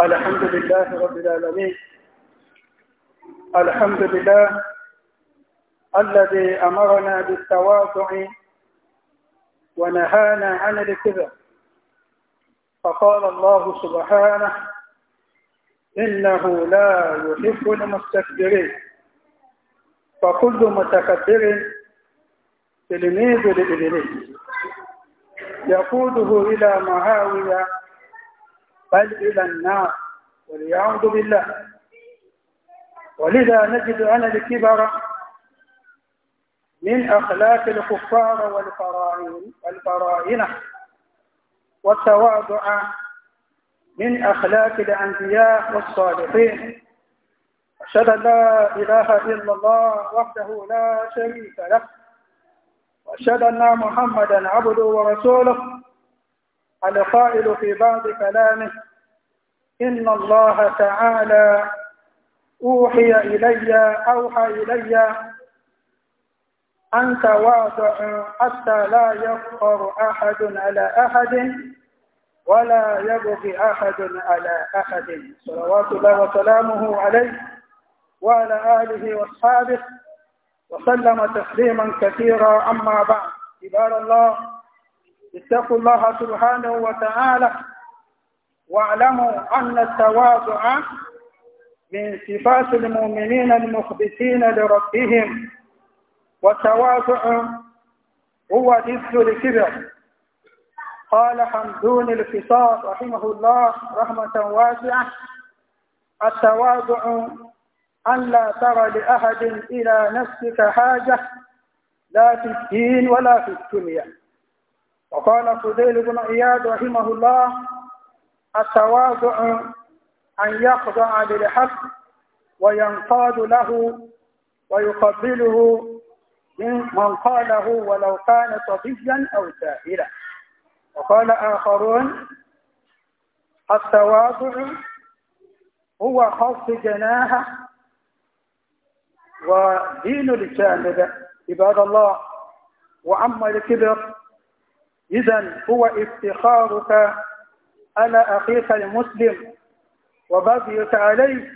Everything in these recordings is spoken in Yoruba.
الحمد لله رب العالمين الحمد لله الذي أمرنا بالتواضع ونهانا عن الكذب فقال الله سبحانه إنه لا يحب المستكبرين فكل متكبر تلميذ لإبليس يقوده إلى معاوية بل إلى النار والعياذ بالله ولذا نجد أن الكبر من أخلاق الكفار والفراعنة والتواضع من أخلاق الأنبياء والصالحين أشهد أن لا إله إلا الله وحده لا شريك له وأشهد أن محمدا عبده ورسوله القائل في بعض كلامه إن الله تعالى أوحي إلي أوحى إلي أن تواضع حتى لا يفقر أحد على أحد ولا يبغي أحد على أحد صلوات الله وسلامه عليه وعلى آله وأصحابه وسلم تسليما كثيرا أما بعد عباد الله اتقوا الله سبحانه وتعالى واعلموا أن التواضع من صفات المؤمنين المخبتين لربهم والتواضع هو ضد الكبر قال حمدون الفصاص رحمه الله رحمة واسعة التواضع أن لا ترى لأحد إلى نفسك حاجة لا في الدين ولا في الدنيا وقال فذيل بن إياد رحمه الله التواضع أن يخضع للحق وينقاد له ويقبله من قاله ولو كان صبيا أو ساهلا وقال آخرون التواضع هو خوف جناحه ودين الجانب عباد الله وعم الكبر إذا هو افتخارك على أخيك المسلم وبغيك عليه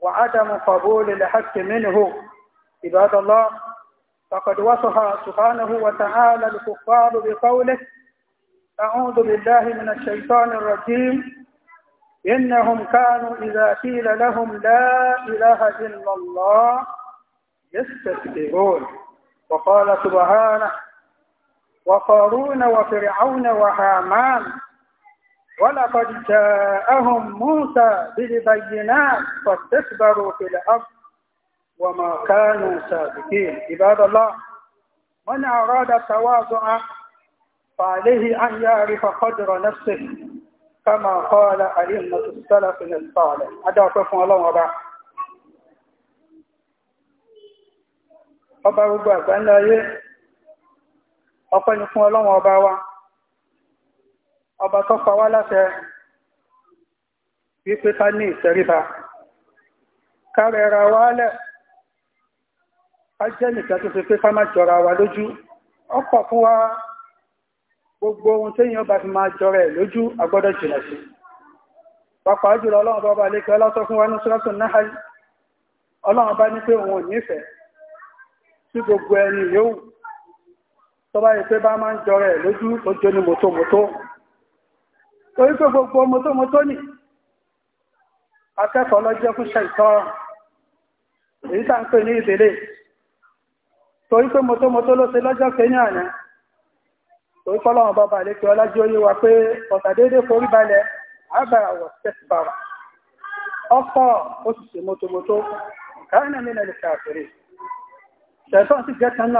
وعدم قبول الحق منه عباد الله فقد وصف سبحانه وتعالى الكفار بقوله أعوذ بالله من الشيطان الرجيم إنهم كانوا إذا قيل لهم لا إله إلا الله يستكبرون وقال سبحانه وقارون وفرعون وهامان ولقد جاءهم موسى بالبينات فاستكبروا في الأرض وما كانوا سابقين عباد الله من أراد التواضع فعليه أن يعرف قدر نفسه كما قال أئمة السلف الصالح هذا كفو الله وبعد ọba gbogbo àgbáńlá ayé ọpẹ́ ni fún ọlọ́run ọba wa ọba tó wá láṣẹ wípé ká ní ìtẹríba ká rẹra wálẹ̀ ká jẹ́ nìkan tó fi pé ká jọra wa lójú ọkọ̀ fún wa gbogbo ohun téèyàn bá fi máa jọra ẹ̀ lójú agbọ́dọ̀ jìnà sí pàpà jùlọ ọlọ́run bá ọlọ́sọ fún wa ní náà ọlọ́run bá ní pé òun ò nífẹ̀ẹ́ gbogbo ẹni tọ́bá yìí pé bá máa ń jọrẹ̀ lójú tó jẹ́ ní mọ́tòmọ́tò torí pé gbogbo mọ́tòmọ́tò ni akẹ́kọ̀ọ́ lọ jẹ́ fún ṣàìtọ́rọ̀ èyí tà ń pè ní ìdílé torí pé mọ́tòmọ́tò ló ṣe lọ́jọ́ kẹ́yìn àná torí pọ́lọ́wọ́n bàbá lè fi ọlájú oyé wa pé ọ̀tàdédé forí balẹ̀ àgbàrà wọ̀ tẹ́sibàrà ọkọ̀ ó sì ṣe mọ́tòmọ́tò káyọ̀ náà nílẹ̀ lè kàfèrè ṣẹ̀tọ́ sì jẹ́ kan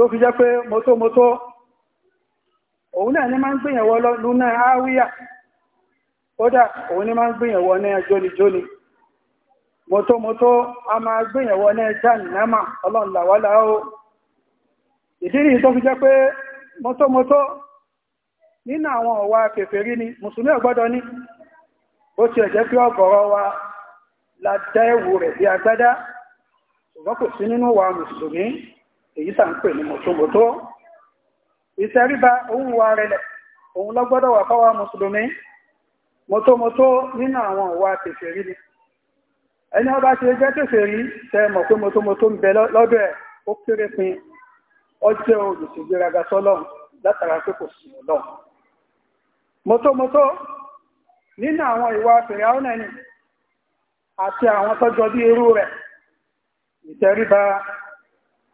ló fi jẹ́ pé mọ́tọ́mọ́tọ́ òun náà ní máa ń gbìyànwọ́ lúnà áwíyà kódà òun ní máa ń gbìyànwọ́ náà jónijóni mọ́tọ́mọ́tọ́ a máa gbìyànwọ́ náà jáàni náà ọlọ́nlàwálà ó ìdí nìyí tó fi jẹ́ pé mọ́tọ́mọ́tọ́ nínú àwọn ọ̀wà kèfèrí ni mùsùlùmí ọ̀gbọ́dọ̀ ní bó ti ẹ̀jẹ́ pé ọ̀gọ̀rọ̀ wa la dá ẹ̀wù rẹ̀ bí agbádá ṣùgbọ́n kò sí nínú wa mùsùlùmí èyí tà ń pè ní mọ̀tòmọ̀tò ìtẹríba òun wà rẹlẹ̀ òun ló wà fáwa mùsùlùmí nínú àwọn òwà tèfèrí ni ẹni ọba ti jẹ́ tèfèrí tẹ mọ̀ pé mọ̀tòmọ̀tò ń bẹ lọ́dọ̀ ẹ̀ ó kéré pin ọjọ́ olùsègbéraga sọ́lọ́run látara pé kò sí mọ̀tòmọ̀tò nínú àwọn ìwà àwọn ẹni àti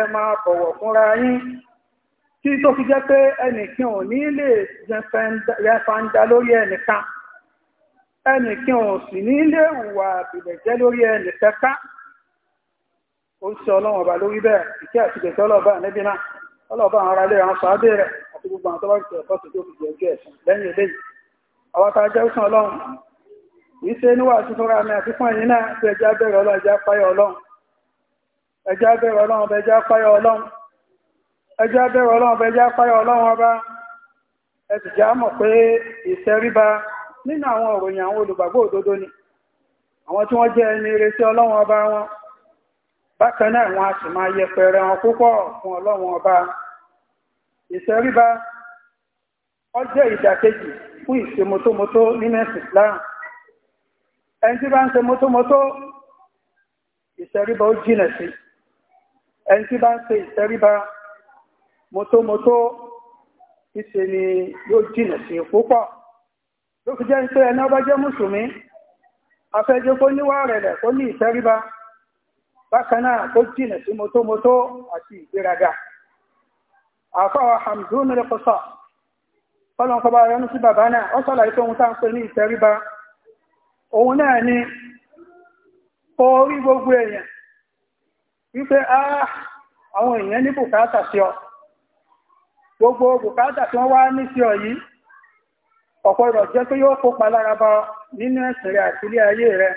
ẹ máa bọ̀wọ̀ fúnra yín tí tó fi jẹ́ pé ẹnìkan ò ní lè yẹfanda lórí ẹnìkan ẹnìkan ò sì ní lè hùwà àbìlẹ̀jẹ́ lórí ẹnìkẹ́ká ó ń ṣe ọlọ́run ọba lórí bẹ́ẹ̀ ìkẹ́ àti ìgbẹ̀jẹ́ ọlọ́ọ̀bá ànẹ́bí náà ọlọ́ọ̀bá àwọn aráalé àwọn sàábé rẹ̀ àti gbogbo àwọn tọ́lá ìṣẹ̀lẹ̀ tó ti jẹ́ ojú ẹ̀sìn lẹ́yìn eléyìí àwọn tá a jẹ́ òsàn ọlọ́run kì í ṣe níwà tuntun ra mi àti fún ẹ̀yìn náà tó ẹjẹ́ abẹ́rẹ́ ọlọ́run ẹjẹ́ apáyọ ọlọ́run ẹjá bẹ̀rẹ̀ ọlọ́run ọba ẹjá páyọ ọlọ́run ọba ẹ sì já mọ̀ pé ìṣẹ́ríba nínú àwọn òròyìn àwọn olùgbàgbọ́ òdodo ni àwọn tí wọ́n jẹ́ ẹni retí ọlọ́run ọba wọn bákan náà wọn a sì máa yẹpẹrẹ wọn púpọ̀ fún ọlọ́run ọba ìṣẹ́ríba ó jẹ́ ìdàkejì fún ìṣe mọ́tómọ́tó nínú ẹ̀sìn Islam ẹni tí bá ń ṣe mọ́tómọ́tó ìṣẹ́ríba ó jìnà sí i ẹni tí bá ń ṣe ìtẹríba mọ́tómọ́tó ìṣe ni yóò jìnà sí púpọ̀ ló fi jẹ́ ń pé ẹni ọba jẹ́ mùsùlùmí afẹ́jẹ́ kó níwá rẹ̀lẹ̀ kó ní ìtẹríba bákan náà kó jìnà sí mọ́tómọ́tó àti ìgbéraga àfáwà hamdun rẹ̀kọ́sọ̀ fọ́lọ́n kọba yọnu sí bàbá náà ó ohun ni orí gbogbo èèyàn wípé ah, àwọn èèyàn ní bùkátà sí ọ gbogbo bùkátà tí wọ́n wá ní sí ọ yìí ọ̀pọ̀ ìrọ̀ jẹ́ pé yóò kópa lára bá nínú ẹ̀sìn rẹ̀ àti ilé ayé rẹ̀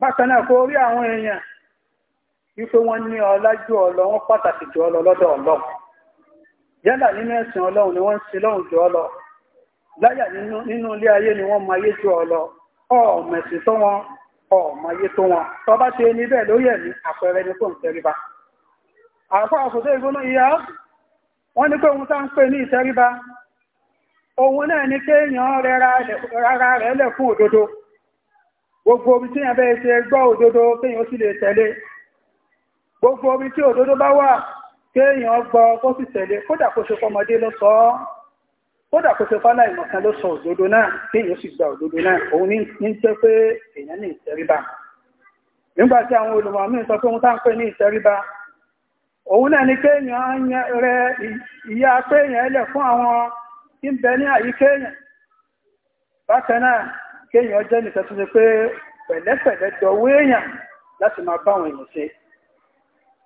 bákan náà kó rí àwọn èèyàn wípé wọ́n ní ọlájú ọlọ́ wọ́n pàtàkì jù ọlọ lọ́dọ̀ ọlọ́ yálà nínú ẹ̀sìn ọlọ́run ni wọ́n ń sin lọ́run jù ọlọ láyà nínú ilé ayé ni wọ́n mọ ayé jù ọlọ ọ̀ọ̀mẹ̀sìn tó wọn ọmọ yé tó wọn tó bá ṣe ní bẹ́ẹ̀ lórí ẹ̀mí àpẹẹrẹ ni tó ń tẹríba àfọ́ àfòdó ìgbóná ìyá wọ́n ní pé ohun tá ń pè ní ìtẹríba ohun náà ni kéèyàn rárá rẹ̀ lẹ̀ fún òdodo gbogbo omi tí yẹn bẹ́ẹ̀ ṣe gbọ́ òdodo kéèyàn sì lè tẹ̀lé gbogbo omi tí òdodo bá wà kéèyàn gbọ́ kó sì tẹ̀lé kódà kó ṣe fọmọdé ló kódà kó ṣe fálà ìmọ̀kan ló sọ òdodo náà tí èèyàn sì gba òdodo náà òun ní jẹ́ pé ní ìtẹríba nígbà tí àwọn olùmọ̀ sọ pé òun tá ń pè ní ìtẹríba òun náà ni kéèyàn rẹ ìyá fún àwọn tí ń bẹ ní bákan náà kéèyàn jẹ́ èèyàn láti máa bá àwọn èèyàn ṣe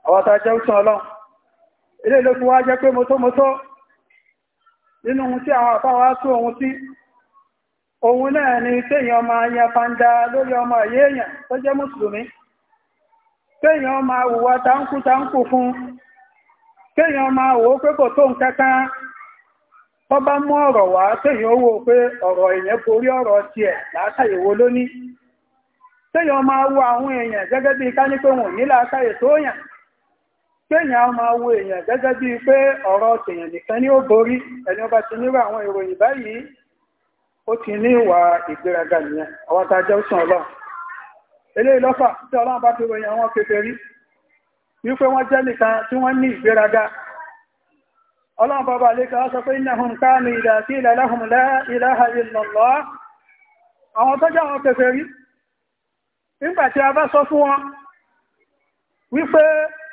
àwọn a òtún ọlọ́run ilé ìlú fi nínú ohun tí àwọn àpá wá tó ohun tí ohun náà ni kéèyàn máa yan fanda lórí ọmọ èèyàn tó jẹ́ mùsùlùmí kéèyàn máa wùwà táńkù táńkù fún kéèyàn máa wò pé kò tó nǹkankan tó bá mú ọ̀rọ̀ wá wò pé ọ̀rọ̀ èèyàn borí ọ̀rọ̀ tiẹ̀ látàyè wo lóní máa wo àwọn èèyàn gẹ́gẹ́ bí wọn ní tó yàn kéèyàn máa wo èèyàn gẹ́gẹ́ bíi pé ọ̀rọ̀ tèèyàn nìkan ní ó borí ẹni ọba ti nírò àwọn ìròyìn báyìí ó ti ní ìwà ìgbéraga nìyẹn àwọn tá a jẹ́ sùn ọlọ́run eléyìí lọ́fà tí ọlọ́run bá fi ròyìn àwọn kékeré wípé wọ́n jẹ́ nìkan tí wọ́n ní ìgbéraga ọlọ́run bàbá lè kọ́ sọ pé innahum kanu idha qila lahum la ilaha illallah àwọn tó jẹ́ àwọn kékeré nígbà tí a bá sọ fún wọn wípé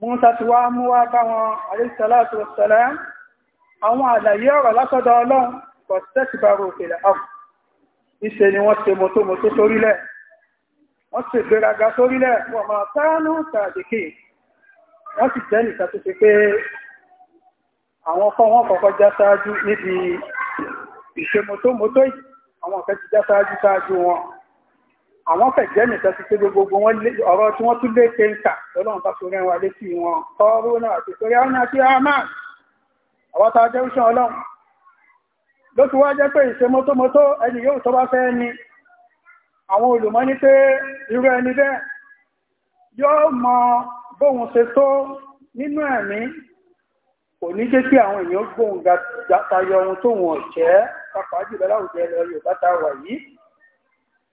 Musa ti wá mú wá bá wọn àríṣàlátù ọ̀sẹ̀lẹ̀ àwọn àlàyé ọ̀rọ̀ látọ̀dọ̀ ọlọ́run pọ̀ tẹ́sìbàrò òkèlè ọ̀pù. Ìṣe ni wọ́n ṣe mọ́tòmọ́tò sórílẹ̀. Wọ́n ṣe gbéraga sórílẹ̀ wọ́n máa sáánú tàdékè. Wọ́n sì jẹ́ nìkan tó ṣe pé àwọn ọkọ̀ wọn kọ̀ọ̀kan já sáájú níbi ìṣe mọ́tòmọ́tò yìí àwọn ọ̀kẹ́ ti já sáájú sáájú wọn àwọn fẹ̀jẹ́ nìkan ti pé gbogbo wọn ọ̀rọ̀ tí wọ́n tún lé ṣe ń kà lọ́lọ́run bá torí wa létí wọn tọ́rọ náà àti torí àwọn náà sí amán àwọn tá a jẹ́ òṣàn ọlọ́run ló ti wá jẹ́ pé ìṣe mọ́tòmọ́tò ẹni yóò tó bá fẹ́ ni àwọn olùmọ̀ ní pé irú ẹni bẹ́ẹ̀ yóò mọ bóun ṣe tó nínú ẹ̀mí kò ní jẹ́ kí àwọn èèyàn gbóhùn tayọ ohun tóun ọ̀jẹ́ pàpàá jùlọ láwùjọ ilẹ̀ Yorùbá ta wà yìí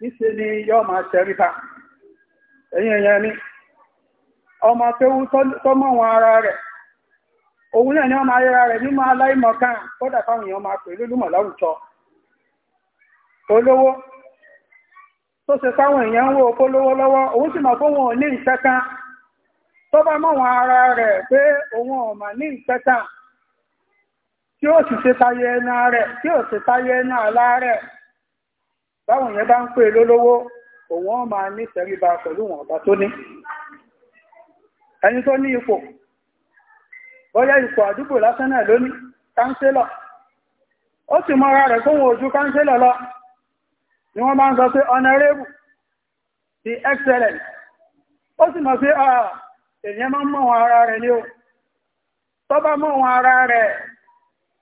níṣe ni yọ́ máa tẹríba ẹ̀yìn ẹ̀yẹn ni ọmọ kéwú tọ́mọ̀ wọn ara rẹ̀ òun náà ni ọmọ ayéra rẹ̀ mímọ́ aláìmọ̀kan kódà fáwọn èèyàn máa láwùjọ olówó tó ṣe fáwọn èèyàn ń wo lọ́wọ́ òun sì mọ̀ pé wọn ò ní ìṣẹ́kan tó bá ara rẹ̀ pé òun ò mà ní ìṣẹ́kan tí ó sì ṣe báwọn yẹn bá ń pè lólówó òun ó máa ní tẹríba pẹ̀lú wọn ọba tó ní ẹni tó ní ipò bóyá ipò àdúgbò lásán náà lóní kánsílọ̀ ó sì mọ́ra rẹ̀ ojú lọ ni wọ́n máa ń sọ pé honorable the excellent ó sì mọ̀ ah, èèyàn máa ń mọ̀ wọn ara rẹ̀ o tó mọ̀ ara rẹ̀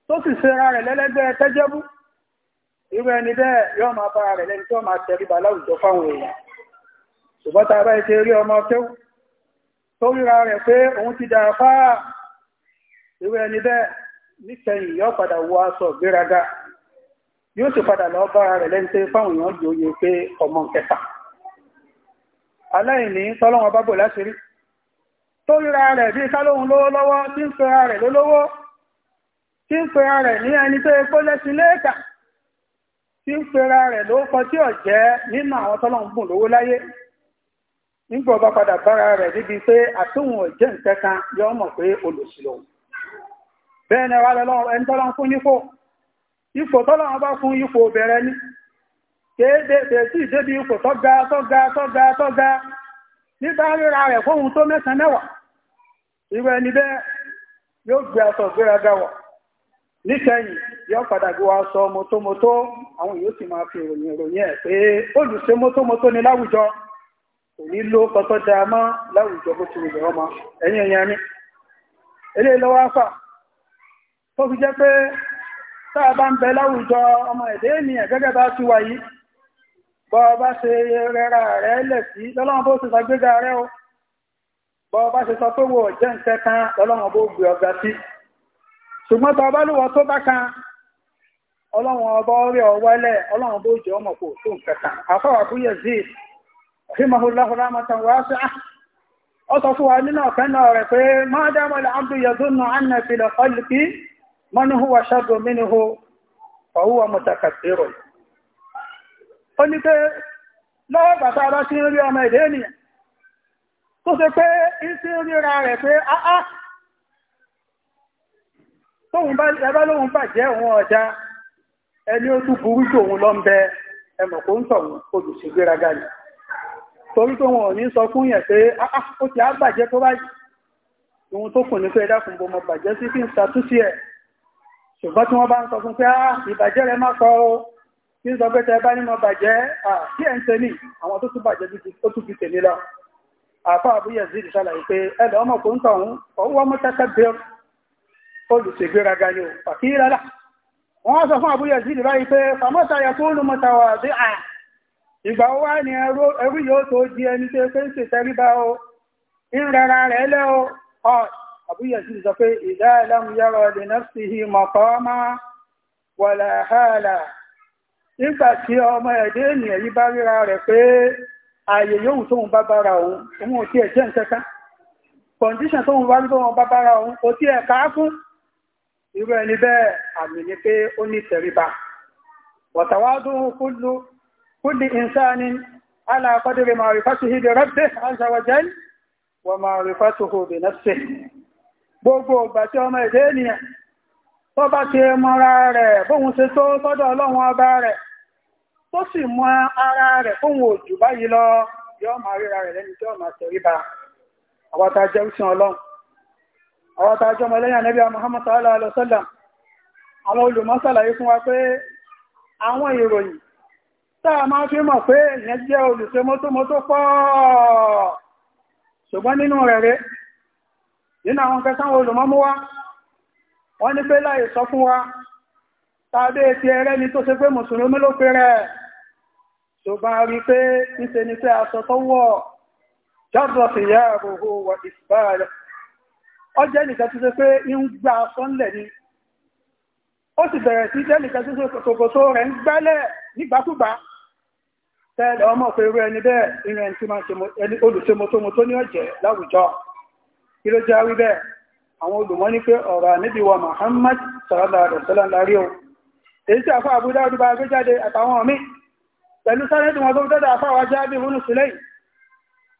tó sì irú ẹni bẹ́ẹ̀ yóò máa bára rẹ̀ lẹ́ni tí ó máa tẹríba láwùjọ fáwọn èèyàn ṣùgbọ́n tá a bá ṣe rí ọmọ kéwù tó ríra rẹ̀ pé òun ti dà fáà irú ẹni bẹ́ẹ̀ níkẹyìn yóò padà wọ aṣọ ìgbéraga yóò sì padà lọ bára rẹ̀ lẹ́ni tí fáwọn èèyàn lóye pé ọmọ kẹfà aláìní tọ́lọ́wọ́n bá bò láṣìírí tó ríra rẹ̀ bí kálóhun lówó lọ́wọ́ tí ń pera rẹ̀ lólówó tí ń pera rẹ̀ ní ẹni tó epo lẹ́sìn léèkà tí ń pera rẹ̀ ló kọ tí ò jẹ́ nínú àwọn tọ́lọ́run bùn lówó láyé nígbà ọba padà bára rẹ̀ níbi pé àtúnwò jẹ́ nǹkan kan yọ mọ̀ pé olùsìlò bẹ́ẹ̀ ni wàá lọ́wọ́ ẹni fún ipò bá fún bẹ̀rẹ̀ ni kéde ìdébi ipò tọ́ga tọ́ga tọ́ga tọ́ga nígbà ríra rẹ̀ tó mẹ́sàn-án mẹ́wàá bẹ́ẹ̀ yóò gbé aṣọ níkẹyìn yọ padà bí wàá sọ mọ́tómọ́tó àwọn yóò sì máa fi ìròyìn ìròyìn ẹ̀ pé olùṣe mọ́tómọ́tó ni láwùjọ kò ní ló kọ́tọ́ dáa mọ́ láwùjọ bó ti wùlẹ̀ ọmọ ẹ̀yìn ẹ̀yìn ẹni eléyìí lọ́wọ́ àfà tó fi jẹ́ pé tá a bá ń bẹ láwùjọ ọmọ ẹ̀dẹ́ ènìyàn gẹ́gẹ́ bá ti wà yìí bọ́ bá ṣe rẹra rẹ lẹ̀ sí lọ́lọ́run bó ti ṣàgbéga rẹ o bọ́ bá ṣe sọ pé wò jẹ́ nǹkan kan lọ́lọ́run bó gbé ọgá sí ṣùgbọ́n tọ́ ọ bá lùwọ́ tó bá kan ọlọ́run ọba ọrẹ́ ọwẹ́lẹ̀ ọlọ́run bó jẹ́ ọmọ kò tó nkẹta àfọwà fún Yazid rahimahulahula matan wa ṣe á ọ sọ fún wa nínú ọ̀fẹ́ náà rẹ̀ pé máa dámọ̀ lè abdu yazunnu anna fi lè kọlu kí mọ́nuhu wa ṣàdùn mínú ọwọ́ mọ̀tàkàtìrò ó ní pé lọ́wọ́ bàtà bá sí rí ọmọ èdè ènìyàn tó ṣe pé isi ríra rẹ̀ pé áá ah, ah. tóun bá lóun bàjẹ́ òun ọ̀dá ẹni ó tún burú jù òun lọ ń bẹ ẹmọ̀ kó ń tọ̀hún olùṣègbéraga ni torí tó wọn ò ní sọ fún yẹn pé ah, ah, ó ti á bàjẹ́ tó báyìí ohun tó kù ní pé ẹ̀dákùn bó mọ bàjẹ́ sí kí n ṣàtúnṣe ẹ̀ ṣùgbọ́n tí wọ́n bá ń sọ fún pé á ah, ìbàjẹ́ rẹ má sọ o kí n sọ pé tẹ bá ní mọ bàjẹ́ kí ẹ̀ ń ṣe ní àwọn tó tún bàjẹ́ tó tún fi tèmi lọ àfa àbúyẹ zidi ṣàlàyé pé ẹlẹ́ ọmọ kò ń tọ̀hún ọwọ́ mọ́tẹ́kẹ́ bẹ́ẹ̀ olùṣègbéraga ni ò pàkíyí rárá wọ́n sọ fún Abu Yazid báyìí pé fàmọ́ta yẹ kó lùmọ̀ tàwà sí à ìgbà wá ní ẹrú yóò tó di ẹni tó fẹ́ ń ṣe tẹríba o ń rẹra rẹ̀ lẹ́ o ọ Abu Yazid sọ pé ìdá ẹlẹ́mú yára ọ̀lẹ̀ nafsihi maqama wala hala nígbà tí ọmọ ẹ̀dẹ́ ènìyàn yìí bá ríra rẹ̀ pé ààyè yóò tóun bá bára òun òun ò tí ẹ̀ jẹ́ nǹkan kan kọ̀ǹdíṣàn tóun bá rí tóun bá bára òun ò tí ẹ̀ káá fún irú ẹni bẹ́ẹ̀ àmì ni pé ó ní tẹríba wàtàwádùn kúlù kúlù ìnsáni aláàkọ́dẹ̀rẹ̀ ma'rifatihi bi rabbih azza wa jal wa ma'rifatuhu bi nafsih gbogbo ìgbà tí ọmọ èdè ènìyàn tó bá ti mọ́ra rẹ̀ bóhun ṣe tó sọ́dọ̀ ọlọ́run ọba rẹ̀ tó sì mọ ara rẹ̀ fóhun òjù báyìí lọ yọ́ máa ríra rẹ̀ lẹ́ni tí ọmọ tẹríba àwọn tá a jẹ́ òsìn ọlọ́run àwọn tàà jọmọ lẹ́yìn ànẹ́bí Muhammad sallallahu alaihi wasallam àwọn olùmọ́sàlàyé fún wa pé àwọn ìròyìn táà máa fi mọ̀ pé ìyẹn jẹ́ olùṣe mọ́tómọ́tó pọ̀ ṣùgbọ́n nínú rẹ̀rẹ̀ nínú àwọn kẹsàn olùmọ́mú wa wọ́n ní pé láì sọ fún wa tàbí ti ẹrẹ́ ni tó ṣe pé mùsùlùmí ló pé ṣùgbọ́n rí pé níṣe ó jẹ́ nìkan tó ṣe pé ń gba sọ́nlẹ̀ ni ó sì bẹ̀rẹ̀ sí jẹ́ nìkan tó ṣe kòkòtò rẹ̀ ń gbálẹ̀ nígbàkúgbà tẹ́lẹ̀ ọmọ pé irú ẹni bẹ́ẹ̀ irú ẹni tí máa ń olùṣemotomoto ní ọ̀jẹ̀ láwùjọ kí ló jẹ́ wí bẹ́ẹ̀ àwọn olùmọ́ ní pé ọ̀rọ̀ àníbi wa Muhammad sallallahu alaihi wasallam lárí o èyí tí àfọ àbúdá ọdún bá àtàwọn míì pẹ̀lú sáré tí wọ́n tó dọ́dọ̀ àfọ àwọn jáde ìrúnù sílẹ̀ yìí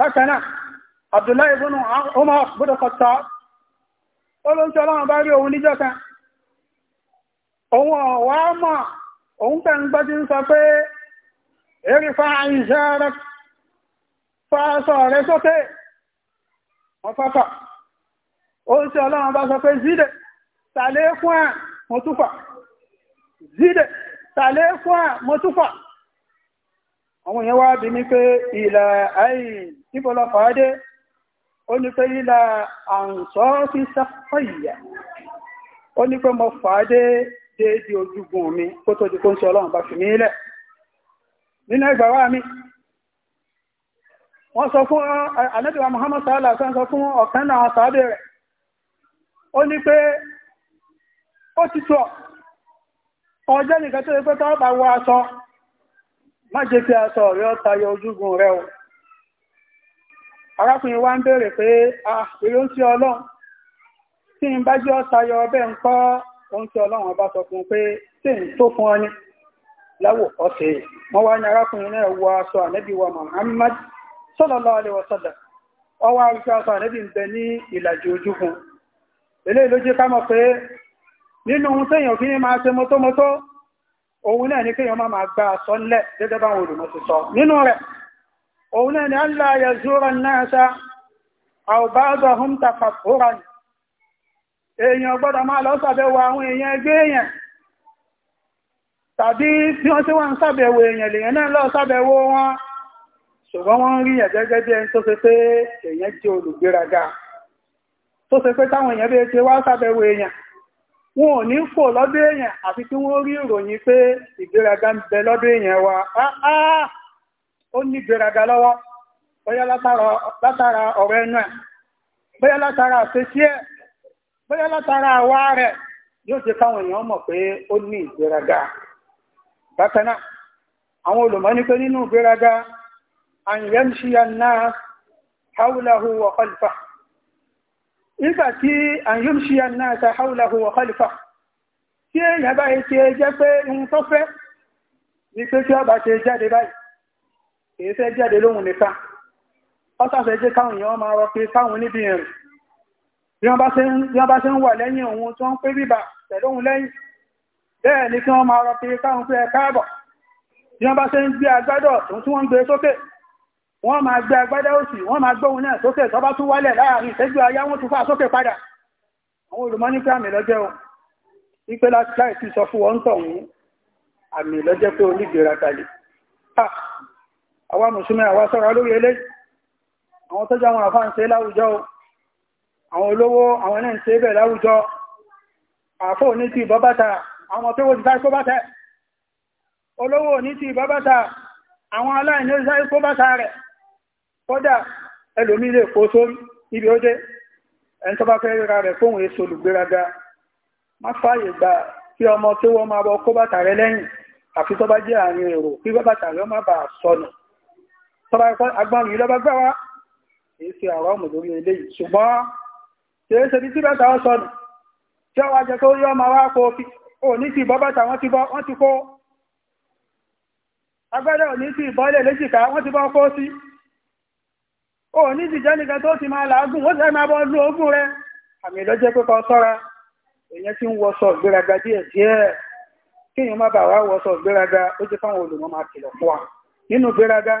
bákan náà Abdullahi ibn Umar ibn Khattab olóńtọ́ ọlọ́run bá rí òun níjọ́ kan òun ọ̀wá mọ̀ òun kàn gbọ́ ti ń sọ pé eré fa àìṣẹ́ rẹ fàásọ̀ rẹ sókè wọ́n fọ́fà ó ń sọ ọlọ́run bá sọ pé zide tàlé fún ẹ̀ mo zide tàlé fún ẹ̀ mo túfà àwọn wá bí mi pé ìlà àìyìn níbo la fàádé ó ní pé lílà so si sáfàyà ó ní pé mo fàádé déédé mi di kó ń ṣe ọlọ́run bá fi mí lẹ̀ nínú mi fún anábíwa Muhammad sallallahu alaihi wasallam fún ọ̀kan náà sàábẹ̀ rẹ̀ ó ní pé ti tọ́ ọjọ́ nìkan tó yẹ pé tọ́ bá wọ aṣọ má jẹ́ kí aṣọ ojúgun o arákùnrin wa ń béèrè pé èrè ń tí ọlọ́run tí n bá jẹ́ ọ̀tayọ ọbẹ̀ ń kọ́ ohun tí ọlọ́run ọba sọ fún pé tí n tó fún ọ ní láwò ọ̀sẹ̀ wọ́n wá ní arákùnrin náà wọ aṣọ ànẹ́bí wa Muhammad sallallahu alaihi wasallam ọwọ́ arúgbó aṣọ ànẹ́bí ń bẹ ní ìlàjì ojú fún eléyìí ló jẹ́ ká mọ̀ pé nínú ohun téèyàn kí ní máa ṣe mọ́tọ́mọ́tọ́ òun náà ní kéèyàn ma máa gba gẹ́gẹ́ báwọn olùmọ̀ sọ nínú rẹ̀ o náà ni allah yazura an èèyàn gbọ́dọ̀ máa lọ ṣàbẹ̀wò àwọn èèyàn tàbí bí wọ́n tí wọ́n ń èèyàn lèèyàn náà lọ sàbẹ̀wò wọn ṣùgbọ́n wọ́n rí gẹ́gẹ́ bí ẹni tó pé èèyàn jẹ́ olùgbéraga tó pé táwọn èèyàn bí wá èèyàn wọn ò rí ìròyìn wa ó ní gbéraga lọ́wọ́ bóyá látara ọ̀rọ̀ ẹnu ẹ̀ bóyá látara àṣeṣí ẹ̀ bóyá látara àwa rẹ̀ yóò ṣe káwọn èèyàn mọ̀ pé ó ní ìgbéraga bákan náà àwọn olùmọ̀ ní pé nínú ìgbéraga àyẹ̀mṣíyà náà haulahu wa khalifa nígbà tí àyẹ̀mṣíyà náà ta haulahu wa tí èèyàn bá ṣe jẹ́ pé ohun tó ní pé tí ọba ṣe jáde báyìí èyí jáde lóhun nìkan ọ́sàfẹ́ jẹ́ káwọn èèyàn máa rọ pé káwọn níbi ẹ̀rù bí wọ́n bá ṣe ń wà lẹ́yìn òun tó ń pé bíbà pẹ̀lú lẹ́yìn bẹ́ẹ̀ ni kí wọ́n máa rọ pé káwọn pé ẹ bí wọ́n bá ṣe ń gbé agbádọ̀ tó tí wọ́n gbé sókè wọ́n máa gbé agbádá òsì wọ́n máa gbóhun náà sókè tó bá tún wálẹ̀ láàrin ìṣẹ́jú ayá wọ́n tún fà sókè padà àwọn olùmọ́ ní pé àmì lọ́jẹ́ o wípé láti láì sí sọ fún wọn tọ̀hún àmì lọ́jẹ́ pé onígbéraga lè àwa mùsùlùmí àwa sọ́ra lórí ilé àwọn tọ́jú àwọn àfáà ń ṣe láwùjọ àwọn olówó àwọn ẹni ń ṣe bẹ̀ láwùjọ àfọ́ òní ti ìbọ́ bàtà àwọn tó wò ti sáyé kó bàtà olówó òní ti ìbọ́ bàtà àwọn aláìní ó sáyé kó bàtà rẹ̀ kódà ẹlòmí lè kó sórí ibi ó dé ẹni tó bá fẹ́ ra rẹ̀ fóhun èso olùgbéraga má fàyè gbà kí ọmọ tó wọ́n máa bọ kó bàtà lẹ́yìn àfi tó bá jẹ́ àárín èrò kí bàtà rẹ̀ má bàa sọnù tọ́ba ẹ̀kọ́ agbárin ìlọ́ba gbà wá ọrọ ṣe ọ̀rọ̀ ọ̀mù lórí eléyìí ṣùgbọ́n ṣe ní síbẹ̀ táwọn sọnù tí ọwọ́ ajẹ́ tó rí o ní ti ìbọ́ bàtà wọ́n ti bọ́ wọ́n ti kó agbádẹ́ ò ní ti ìbọ́ wọ́n ti bọ́ kó sí o ní rẹ àmì ìlọ́jẹ́ sọ́ra ti ń díẹ̀ díẹ̀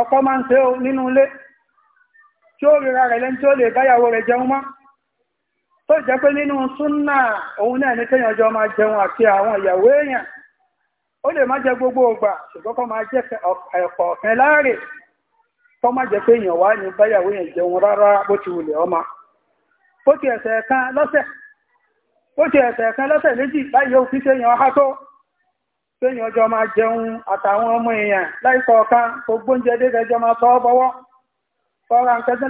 ọkọ máa ń ṣe ó nínú ilé tí ó rira rẹ̀ lẹ́ni tí ó lè báyàwó rẹ̀ jẹun mọ́ tó jẹ́ pé nínú súnnà òun náà ní kéèyàn jọ máa jẹun àti àwọn ìyàwó èèyàn ó lè má jẹ gbogbo ọgbà ṣùgbọ́n kó máa jẹ ẹ̀kọ́ ya láàrè kó má jẹ pé èèyàn wá ní báyàwó èèyàn jẹun rárá bó ti wulẹ̀ ọmọ kan lọ́sẹ̀ méjì ṣe èèyàn tó téèyàn ọjọ́ máa jẹun àtàwọn ọmọ èèyàn láìsọ ọ̀kan gbogbo oúnjẹ dé ẹjọ́ máa tọ́ bọ́wọ́ tọ́ra nkẹ́sẹ́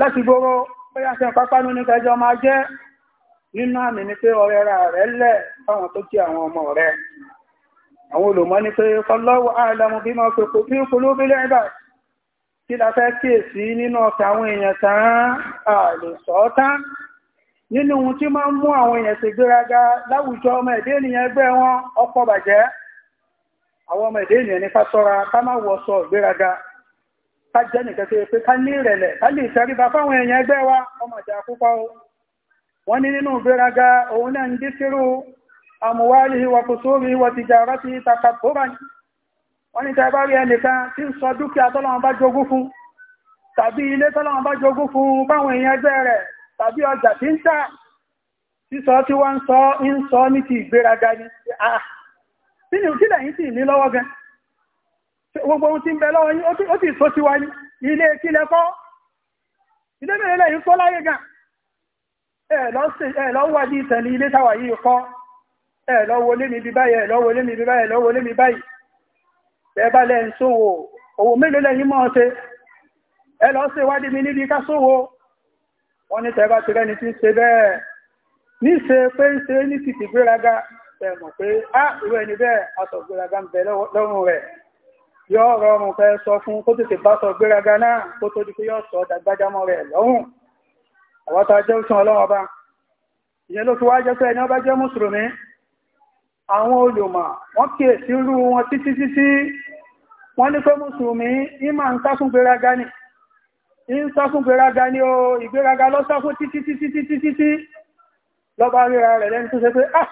láti gbóró bóyá ṣe pápánu ní ẹjọ́ máa jẹ́ nínú àmì ni pé ọ̀rẹ́ ra rẹ̀ lẹ̀ fáwọn tó jẹ́ àwọn ọmọ rẹ̀ àwọn olùmọ́ ni pé kọlọ́wọ́ àìlẹ́mú bí máa pèpò bí kúlú bí lẹ́gbà kí la fẹ́ kíyèsí nínú ọ̀sẹ̀ àwọn èèyàn tán àlè sọ́ọ́tán nínú ohun tí máa ń mú àwọn èèyàn ṣègbéraga láwùjọ ọmọ ẹ̀dẹ́ ènìyàn ẹgbẹ́ wọn ọ̀pọ̀ bàjẹ́ àwọn ọmọ èdè ènìyàn ní ká wọ sọ ìgbéraga ká jẹ́ nìkan tó yẹ pé ká ní ìrẹ̀lẹ̀ ká lè ṣàríba fáwọn èèyàn wa ọmọ ìjà o wọ́n ní nínú ìgbéraga òun náà ń dí sírú àmúwárí sórí ti tàkà ni wọ́n ní rí ẹnìkan tí ń sọ dúkìá tọ́lọ́wọ́n bá jogún fún tàbí ilé tọ́lọ́wọ́n fún fáwọn èèyàn ẹgbẹ́ tàbí ọjà tí ń tà tí wọ́n ń sọ ń sọ ní nínú kí lẹ́yìn sì ní lọ́wọ́ gan gbogbo ohun tí ń bẹ lọ́wọ́ yín ó sì tó ti wá ní ilé kílẹ̀ kọ́ ilé mẹ́rin lẹ́yìn kọ́ láyé gan ẹ̀ lọ́wọ́ wájú ìtẹ̀lẹ̀ ilé táwa yìí kọ́ ẹ̀ lọ́wọ́ lé mi bí báyìí ẹ̀ lọ́wọ́ lé mi bí báyìí ẹ̀ lọ́wọ́ lé mi báyìí ẹ̀ bá lẹ́yìn sówò òwò mélòó lẹ́yìn mọ́ ṣe ẹ lọ sí ìwádìí mi níbi ká sówò wọ́n ní tẹ́ bá tẹ́ mọ̀ pé á irú ẹni bẹ́ẹ̀ asọ̀gbéraga ń bẹ lọ́rùn rẹ̀ yọ rọrùn fẹ́ sọ fún kó tètè bá sọ gbéraga náà kó tó di pé yọ sọ dàgbájámọ́ rẹ̀ lọ́rùn àwọn tó jẹ́ òṣùn ọlọ́run ọba ìyẹn ló fi wá jẹ́ pé ẹni ọba jẹ́ mùsùlùmí àwọn olùmọ̀ wọ́n kíyè sí irú wọn títí títí wọ́n ní pé mùsùlùmí ń máa ń sásún gbéraga ni ń sásún gbéraga ni o ìgbéraga lọ́sàkún títí títí títí títí lọ́ba ríra rẹ̀ lẹ́nu tó ṣe pé ah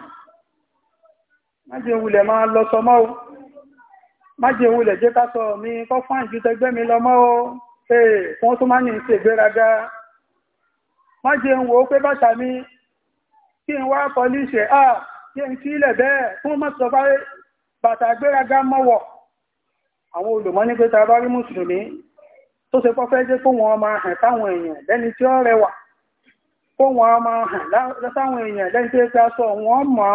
májèwulẹ̀ máa lọ sọmọ́ o májèwulẹ̀ jẹ́ ká sọ mi kọ́ fún àjùtẹgbẹ́ mi lọ́mọ́ o ee wọ́n tó máa ní pé bàtà mi kí n wá pọ̀líṣẹ̀ à kí n kí ilẹ̀ bẹ́ẹ̀ fún mọ́ bàtà gbéraga mọ́wọ̀ àwọn olùmọ́ pé ta bá rí mùsùlùmí tó ṣe pọ́fẹ́ jẹ́ kó wọn máa hàn táwọn èèyàn lẹ́ni tí ó rẹwà wọn máa hàn èèyàn lẹ́ni ta wọn mọ́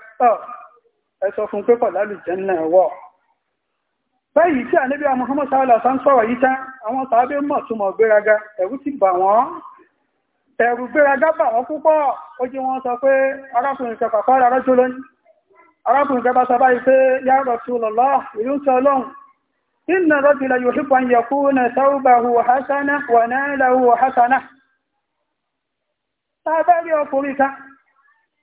tọ́ ẹ sọ fún pé kọ̀lá lù jẹ́ náà wọ̀ báyìí tí ànábì Muhammad sáàlá sá ń sọ̀rọ̀ yìí tán àwọn sàábé mọ̀ túmọ̀ gbéraga ẹ̀rù ti bà wọ́n ẹ̀rù gbéraga bà wọ́n púpọ̀ ó jẹ́ wọn sọ pé arákùnrin kẹfà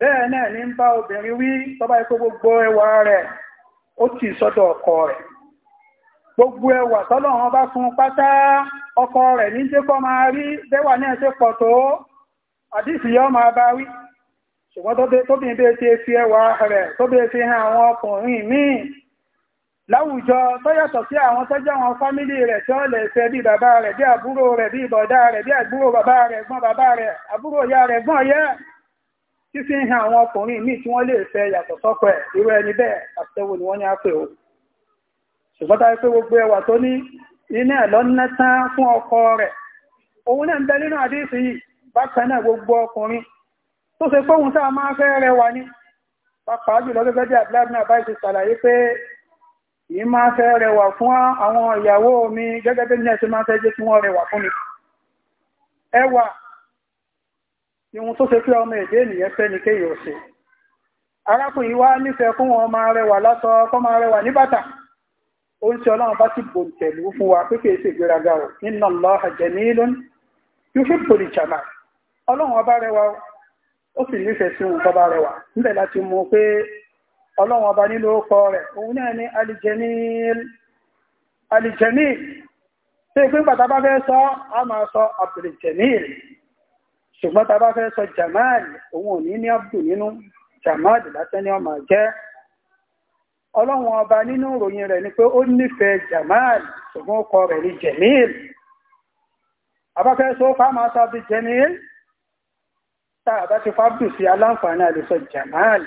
bẹ́ẹ̀ náà ní ń bá obìnrin wí tọ́bá ikú gbogbo ẹwà rẹ̀ ó ti sọ́dọ̀ ọkọ rẹ̀ gbogbo ẹwà tọ́lọ́run bá fún pátá ọkọ rẹ̀ ní jẹ́ máa rí bẹ́wà náà ṣe pọ̀ tó àdìsí yọ́ máa bá wí ṣùgbọ́n tóbi bẹ́ẹ̀ ti fi ẹwà rẹ̀ tóbi fi hàn àwọn ọkùnrin míì láwùjọ tó yàtọ̀ sí àwọn tọ́jú àwọn rẹ̀ tí ó lè fẹ́ bí bàbá rẹ̀ bí àbúrò rẹ̀ bí ìbọ̀dá rẹ̀ bí àbúrò bàbá rẹ̀ gbọ́n bàbá rẹ̀ àbúrò tí ń han àwọn ọkùnrin míì tí wọ́n lè fẹ́ yàtọ̀ sọ́kọ irú ẹni bẹ́ẹ̀ àtẹ́wò ni wọ́n ní àpè o ṣùgbọ́n tá a pé gbogbo ẹwà tó ní iná ẹ̀ lọ́nà tán fún ọkọ rẹ̀ òun náà ń bẹ nínú àdéhùn yìí bákan náà gbogbo ọkùnrin tó ṣe fóun tá a máa fẹ́ rẹwà ni pàápàá jùlọ gẹ́gẹ́ bí abdulhamid abayi ti ṣàlàyé pé yìí máa fẹ́ rẹwà fún àwọn ìyàwó mi gẹ́gẹ́ bí nẹ́ẹ̀sì máa fẹ́ jẹ́ kí wọ́n rẹwà fún mi ẹwà ìhun tó ṣe pé ọmọ èdè ènìyàn fẹ́ ò ṣe arákùnrin wa nífẹ̀ẹ́ fún wọn máa rẹwà lásọ kọ́ máa rẹwà ní bàtà ó ń ṣe ọlọ́run ti tẹ̀lú fún wa pé o inna Allaha jamilun yuhibbul jamal ọlọ́run ọba rẹwà ó sì nífẹ̀ẹ́ sí òun tọ́ba rẹwà níbẹ̀ láti mú pé ọlọ́run ọba nínú ọkọ rẹ̀ òun náà ní ṣùgbọ́n ta bá fẹ́ sọ jamal òun ò ní ní abdul nínú jamal lásán ni ọmọ jẹ́ ọlọ́run ọba nínú ìròyìn rẹ̀ ni pé ó nífẹ̀ẹ́ jamal ṣùgbọ́n ọkọ rẹ̀ ni jamil abáfẹ́ sọ fáwọn asábí jamil tá a bá ti fábdù sí aláǹfààní àlùsọ jamal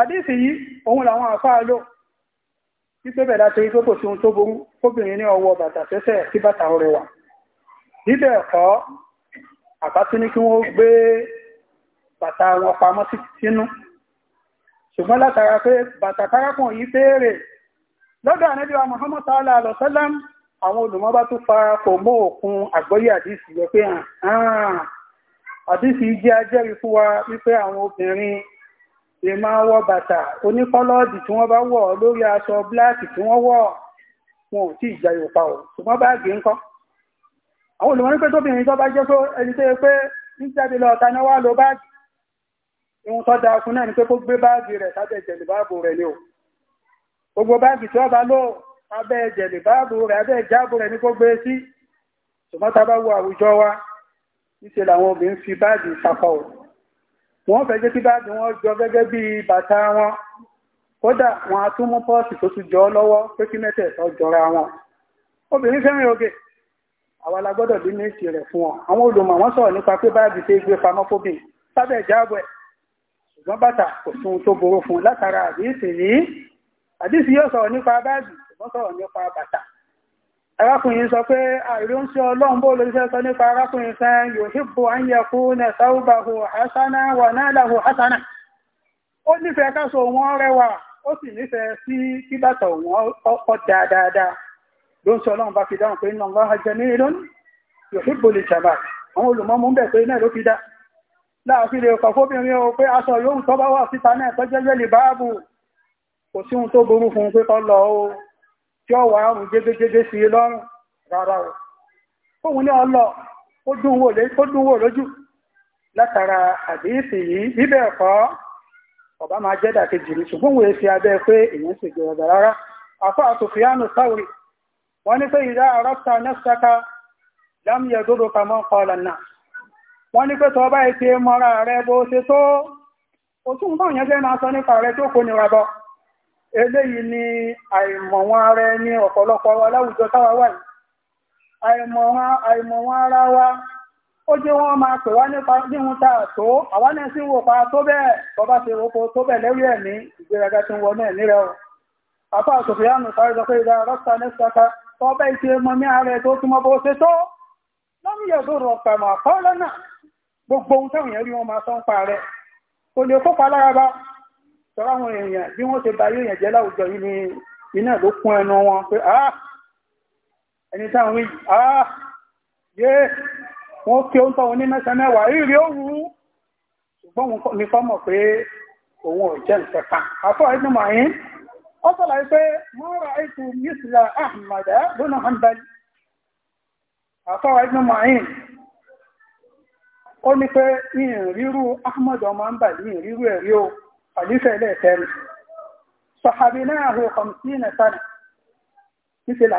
àdéhìí yìí òun làwọn àfáà lò wípé bẹ̀ láti rí gbogbo ohun tó burú fóbìnrin ní ọwọ́ bàtà sẹ́sẹ̀ sí bàtà rẹwà bíbẹ̀ ẹ̀kọ́ àbátún ní kí wọ́n gbé bàtà wọn pamọ́ sí sínú ṣùgbọ́n látara pé bàtà kárákùn yìí béèrè lọ́dọ̀ àníbí wa Muhammad sallallahu alaihi wasallam àwọn olùmọ̀ bá tún fara kò mọ́ òkun àgbọ́yé àdìsí yẹ pé hàn àdìsí jẹ́ ajẹ́rìí fún wa wípé àwọn obìnrin lè máa wọ bàtà oníkọ́lọ́ọ̀dì tí wọ́n bá wọ̀ lórí aṣọ bíláàkì tí wọ́n wọ̀ wọn ò tí ìjà yóò pa ò ṣùgbọ́n báàgì ńkọ́ àwọn olùmọ̀rí pé tóbìnrin tó bá jẹ́ tó ẹni tó pé ní jáde lọ ọ̀tá náwà ló báàgì ohun tó da ọkùn náà ni pé kó gbé báàgì rẹ̀ sábẹ́ jẹ̀lì báàbù rẹ̀ ni o gbogbo báàgì tí ó bá lò abẹ́ jẹ̀lì rẹ̀ abẹ́ ìjáàbù rẹ̀ ni kó gbé sí ṣùgbọ́n tá bá wo àwùjọ wa níṣe làwọn obìnrin fi báàgì sapọ̀ o wọ́n fẹ́ jẹ́ kí báàgì wọn jọ gẹ́gẹ́ bí bàtà wọn kódà wọn a tún mú pọ́ọ̀sì tó tún jọ lọ́wọ́ pé kí mẹ́tẹ̀ẹ̀tọ́ jọra wọn obìnrin fẹ́ràn oge àwa la gbọ́dọ̀ bí méjì rẹ̀ fún ọ àwọn olùmọ̀ wọ́n sọ̀rọ̀ nípa pé báyà ti ṣe gbé pamọ́ fóbìn sábẹ̀ jáàbọ̀ ẹ̀ ṣùgbọ́n bàtà kò sí ohun tó burú fún un látara àdìsí yìí àdìsí yóò sọ̀rọ̀ nípa báàgì ṣùgbọ́n sọ̀rọ̀ nípa bàtà arákùnrin sọ pé àìrún sí ọlọ́run bó lórí sẹ́sọ nípa arákùnrin sẹ́n yóò hìbò àyẹ̀kú nẹ̀ sáúbàhù hasana wà náà láhù hasana ó nífẹ̀ẹ́ káṣọ wọn rẹwà ó sì nífẹ̀ẹ́ sí kíbàtọ̀ wọn ọ̀pọ̀ ló ń sọ ọlọ́run bá fi dáhùn pé iná ńlá jẹ ní ìlú yòókù lè jàmbá àwọn olùmọ́mú bẹ̀ pé náà ló fi dá láàfin lè kọ̀ fóbìnrin o pé aṣọ yóò tọ́ bá wà síta náà tó jẹ́jẹ́ lè báàbù kò sí ohun tó burú fún un pé kọ́ lọ o tí ó wà áhùn òun ní ọlọ ó dùn lójú látara àdéhìsì yìí bíbẹ̀ ẹ̀kọ́ ọba máa jẹ́ dàkejì ní ṣùgbọ́n wòye fi abẹ́ pé èèyàn sì gbèrò rárá àfọ́ àtòfíànù sáwìrì wọ́n ní pé ìdá àrọ́ta nẹ́sẹ̀ká ya dúdú kàmọ́ kọlọ̀ náà rẹ bó ṣe tó yẹn fẹ́ máa sọ nípa rẹ ara ẹni ọ̀pọ̀lọpọ̀ aláwùjọ táwa wà yìí àìmọ̀wọ́n ara wa ó jẹ́ wọ́n máa pè wá a tó àwa náà sì wò pa tó bẹ́ẹ̀ ṣe roko tó bẹ́ẹ̀ ẹ̀mí ìgbéraga wọnú o sáré sọ pé ìdá tọ́bẹ̀ ìṣe mọ́mí ààrẹ tó túnmọ́ bó ṣe tó lọ́míyẹ̀ tó rọ pẹ̀mọ̀ àkọọ́lọ́nà gbogbo ohun táwọn èèyàn rí wọn máa sọ́n pa rẹ̀ o lè kópa lára bá tọ́rọ àwọn èèyàn bí wọ́n ṣe bá yóò jẹ́ láwùjọ yìí ni iná ló kún ẹnu wọn pé ah ẹni táwọn wí ah yé wọn kí oúnjẹ òun ní mẹ́wàá rí rí òwú ṣùgbọ́n mi kọ́ mọ̀ pé òun ò jẹ́ nǹkan kan àfọ́ ẹni mọ̀ yín ó sọ̀rọ̀ pé mọ́ra ètò mísìlá Ahmad lónà hanbali àfọwà ibn ma'in ó ní pé ìrìn ríru Ahmad ọmọ hanbali ìrìn ríru ẹ̀rí o àlífẹ́ ilẹ̀ tẹ́rì sọ̀hàbí náà hù kọmsí nà sánà níṣẹ́ là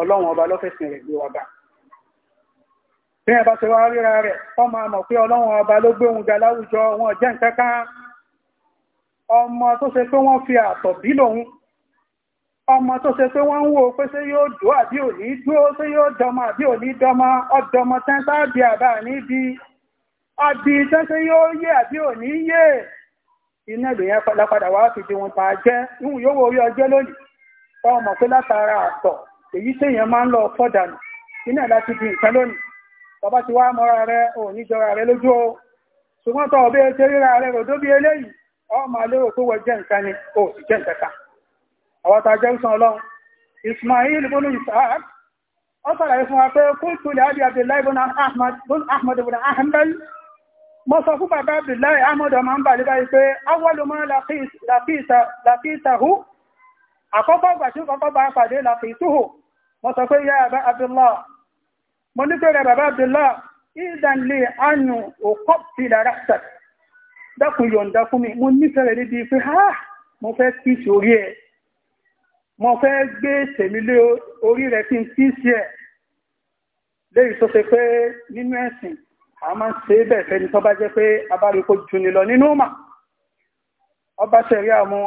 ọlọ́run ọba lọ́fẹ̀sìn rẹ̀ gbé wa bá bí ẹ bá ṣe wá ríra rẹ̀ ọmọ àmọ̀ pé ọlọ́run ọba ló gbé òun ga láwùjọ wọn jẹ́ nǹkan kan ọmọ tó ṣe pé wọ́n fi àtọ̀ bí lòun ọmọ tó ṣe pé wọ́n ń wo pé ṣé yóò dúó àbí ò ní dúó ṣé yóò dọmọ àbí ò ní dọmọ ọdọmọ tẹ́ńtà àbí àbá níbi àbí tẹ́ńtà yóò yé àbí ò ní yé iná ìlòyìn lápadà wá fi di wọn pa jẹ́ ìhùn yóò wo orí ọjọ́ lónìí ọmọ pé látara àtọ̀ èyí téèyàn máa ń lọ fọ́dànù iná láti di nǹkan lónìí bàbá ti wá mọ́ra rẹ ò jọra rẹ lójú o ṣùgbọ́n tọ́ ọ̀bẹ́ ṣe ríra rẹ rò dóbi eléyìí ọ máa lérò pé wọ́n jẹ́ nǹkan ni o sì jẹ́ nǹkan kan àwọn tá a jẹ́ sàn ọlọ́run Ismail bonu Isaac ó sàlàyé fún wa pé kúrtù lè àbí Abdullahi bonu Ahmad bonu Ahmad mo sọ fún bàbá Abdullahi Ahmad ọmọ ń bà lébáyìí pé awọ́lùmọ́ làkìsàhù àkọ́kọ́ ìgbà tí kọ́kọ́ bá pàdé láti ìtúhù wọ́n sọ pé yá bá Abdullah mo ní pé rẹ̀ bàbá Abdullah ìdàn lè ánù òkọ́ ti dára sẹ̀ dákun yọ̀ǹda fún mi mo nífẹ̀ẹ́ rẹ̀ níbi pé ha mo fẹ́ kí sórí ẹ̀ mo fẹ́ gbé tèmi lé orí rẹ̀ kí n kí sí ẹ̀ léyìí tó ṣe pé nínú ẹ̀sìn a máa ń ṣe bẹ́ẹ̀ fẹ́ni tó bá jẹ́ pé abáríkó juni lọ nínú mà ọba ṣẹ̀rí àwọn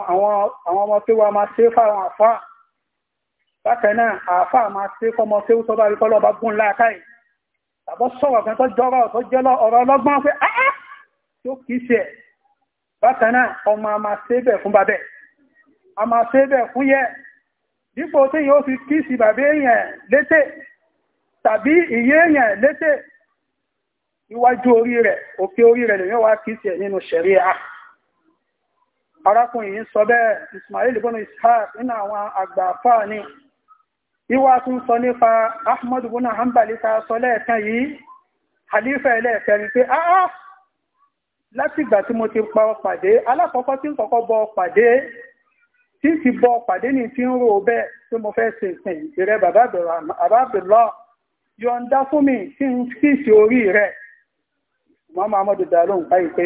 ọmọ tí wọ́n máa ṣe fáwọn àfáà bákan náà àfáà máa ṣe fọmọ tí ó tọ́ba rikọ́ lọ́ba gún láàkáì tàbọ́ sọ̀rọ̀ kan tó jọrọ̀ tó jẹ́ ọ̀rọ̀ ọlọ́gbọ́n pé áá tí ó kìí ṣe ẹ̀ bákan náà ọmọ a máa ṣe bẹ̀ fún babẹ̀ a máa ṣe bẹ̀ fún yẹ dípò tí yóò fi kìí sí bàbá èèyàn létè tàbí ìyé èèyàn létè iwájú orí rẹ̀ òkè orí rẹ̀ lèyàn wá kìí ṣe nínú ṣẹ̀ríà arákùnrin yìí sọ bẹ́ẹ̀ Ismail ibn Ishaq nínú àwọn àgbà àfáà ni ìwà tún sọ nípa Ahmad ibn Hanbali ta sọ lẹ́ẹ̀kan yìí khalifa ẹlẹ́ẹ̀kẹrin pé áá láti ìgbà tí mo ti pa pade alákọ̀ọ́kọ́ tí bọ ti bọ pade ní ti ń rò bẹ́ẹ̀ tí mo fẹ́ ṣe ìsìn ìrẹ́ bàbá mi tí ń orí rẹ̀ báyìí pé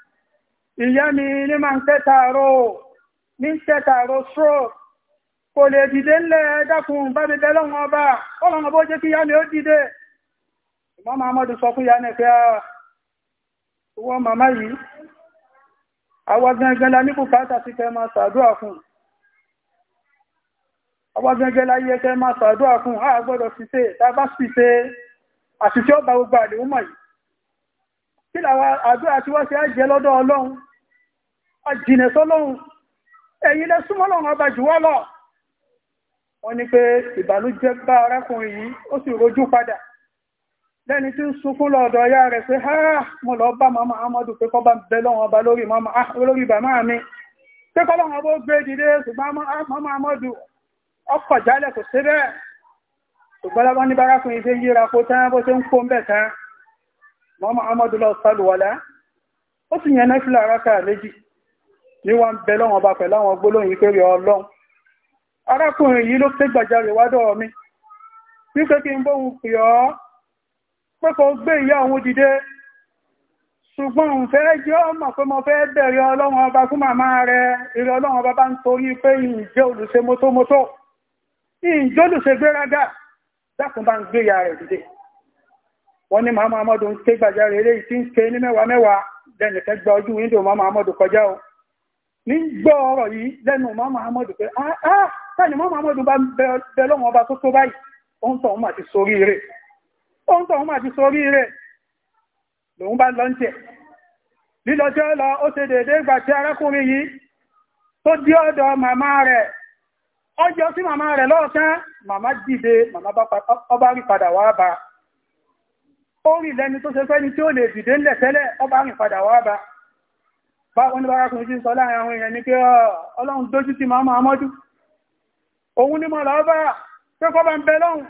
ìyá mi ni máa ń tẹ́tàró ní tẹ́tàró stroke kò lè dìde ńlẹ̀ dákun bá mi bẹ́lọ́wọ́n ọba ọlọ́run bó jẹ́ kí ìyá mi ó dìde ìmọ́ mahamadu ma fún ìyá náà pé a màmá yìí àwọn ma fún Ta yìí kí làwọn àdúrà tí wọ́n ṣe á jẹ lọ́dọ̀ ọlọ́run ọjìnà sọ́lọ́run ẹ̀yin lẹ súnmọ́ lọ́run ọba jù wá lọ wọ́n ní pé ìbànújẹ́ bá arákùnrin yìí ó sì rojú padà lẹ́ni tí ń sunkún lọ́dọ̀ ọ̀yá rẹ̀ ha mo lọ mama amadu pé kọ́ bá bẹ lọ́run ọba ah, lórí bàmá mi pé kọ́ lọ́run ọba ó gbé dìde mama ah, amadu ọkọ̀ jálẹ̀ kò sí bẹ́ẹ̀ ṣùgbọ́n lábọ́n ní bárakùnrin ṣe yíra kó tán bó ṣe ń wọ́n muhammadu lọ sálùwọ́lá ó sì yẹn náfìlà rákà méjì ní wọ́n bẹ lọ́wọ́n bá pẹ̀lú àwọn gbólóyìn pé rẹ̀ ọlọ́run arákùnrin yìí ló pé gbàjarè wádọ̀ mi wípé kí n bóhun pè ọ́ pé kò gbé ìyá òun dìde ṣùgbọ́n òun fẹ́ jẹ́ ọmọ pé mo fẹ́ bẹ̀rẹ̀ ọlọ́run ọba fún màmá rẹ̀ ìrẹ̀ ọlọ́run ọba bá ń torí pé ìjẹ́ olùṣe mọ́tòmọ́tò ìjẹ́ olùṣe gbéraga dákùn bá ń gbé ìyá rẹ̀ dìde wọ́n ní màmá amadu ń ké gbàjáre eré tí ń ké ní mẹ́wàá mẹ́wàá lẹ́nìkan gba ojú wíńdò amadu kọjá o ní gbọ́ ọ̀rọ̀ yìí lẹ́nu màmá amadu pé ah, ah táyì màmá amadu bá bẹ lọ́wọ́ ọba tó tó báyìí òun àti sórí rẹ̀ àti sórí rẹ̀ lòun bá lọ ń tẹ̀ lílọ tí ó lọ ó ṣe gbà tí arákùnrin yìí tó dí ọ̀dọ̀ màmá rẹ̀ ọjọ́ ó rí lẹ́ni tó ṣe fẹ́ni tí ó lè dìde ńlẹ̀ tẹ́lẹ̀ ọba rìn padà wá bá bá wọn ni bá rákùnrin tí ń sọ láàrin àwọn èèyàn ni pé ọlọ́run dójú ti máa máa mọ́jú òun ni mọ̀ lọ́ọ́bà pé kọ́ bá ń bẹ lọ́hùn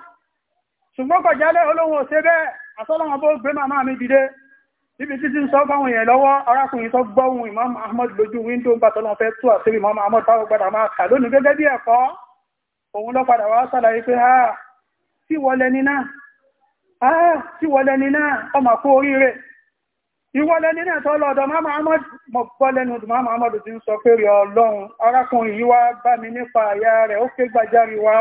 ṣùgbọ́n kọ̀ jálẹ̀ olóhun ò ṣe bẹ́ẹ̀ àtọ́lọ́wọ́n bó gbé màmá mi dìde níbi títí ń sọ fáwọn èèyàn lọ́wọ́ arákùnrin tó gbọ́ ohun Imam Ahmad lójú wíńdò ń bá tọ́lọ́wọ́n fẹ́ tú àṣírí Imam Ahmad báwo gbọ́dọ̀ máa kà lónìí gẹ́gẹ́ bí ẹ̀kọ́ òun ha tí wọlé ní Ah, tí wọlẹ́ni náà ọmọ kó oríire ìwọlẹ́ni náà tọ́lọ ọ̀dọ̀ máa mọ́dù ti ń sọ pé rí ọlọ́run arákùnrin yìí wá bá mi nípa àyà rẹ̀ ó ké gbàjarì wá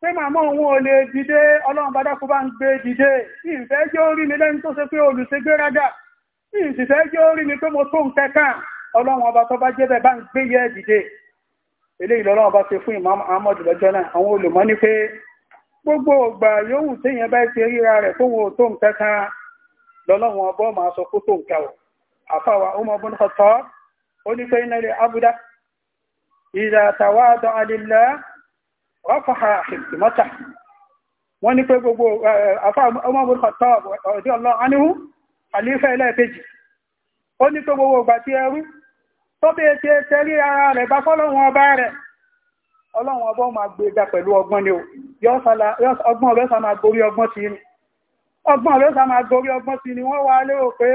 pé màmá òun ò lè dìde ọlọ́run bá dákú bá ń gbé dìde ìfẹ́ jẹ́ orí mi lẹ́ni tó ṣe pé olùṣègbéraga ìfẹ́ jẹ́ orí mi pé mo tó ń kẹ́kàn ọlọ́run ọba tó bá jẹ́ bẹ́ẹ̀ bá ń gbé yẹ dìde eléyìí lọ́lọ́run ọba ṣe fún ìmọ̀ Ahmad lọ́jọ́ náà àwọn olùmọ́ ní pé gbogbo ọgbà yóò téèyàn bá ti ríra rẹ̀ fún wọn tó nǹkan kan lọ́lọ́wọ́n ọbọ̀ máa sọ kó tó nǹkan ọ̀ àfàwà ọmọ ọbọ̀ nǹkan tọ́ ó ní pé iná lè abúdá ìdá àtàwà àdán alìlá rọ́fàá ìgbìmọ́ta wọ́n ní pé gbogbo àfàwà ọmọ ọbọ̀ nǹkan tọ́ ọ̀dí ọlọ́ aníhú àlífẹ́ ẹlẹ́ẹ̀kejì ó ní pé gbogbo ọgbà tí ẹrú tó bẹ́ẹ̀ ti ẹ ọlọ́run ọbọ̀ máa gbé ga pẹ̀lú ọgbọ́n ni o ọgbọ́n rẹ̀ sá máa gorí ọgbọ́n sí ni ọgbọ́n rẹ̀ sá máa gorí ọgbọ́n sí ni wọ́n wá lérò pé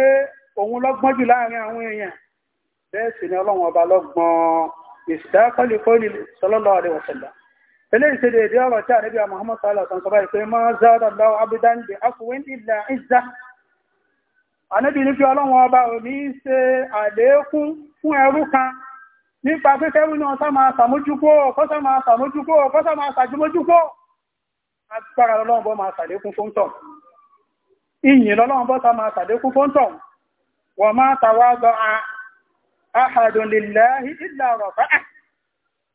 òun lọ́gbọ́n jù láàrin àwọn èèyàn bẹ́ẹ̀ sì ni ọlọ́run ọba lọ́gbọ́n ìsìdákọ́lì kọ́lì sallallahu alaihi wasallam eléyìí ṣe dèédé ọ̀rọ̀ tí àrẹ́bí Muhammad sallallahu alaihi wasallam ìpè mọ́ zada Allahu abdan nípa pé kẹ́rù náà sá máa sàmójúkó kọ́sá máa sàmójúkó kọ́sá máa sàjúmójúkó agbára lọ́lọ́ọ̀bọ́ máa sàlékún fóńtọ̀ ìyìn lọ́lọ́ọ̀bọ́ sá máa sàlékún fóńtọ̀ wa ma tawadaa ahadun lillahi illa rafa'ah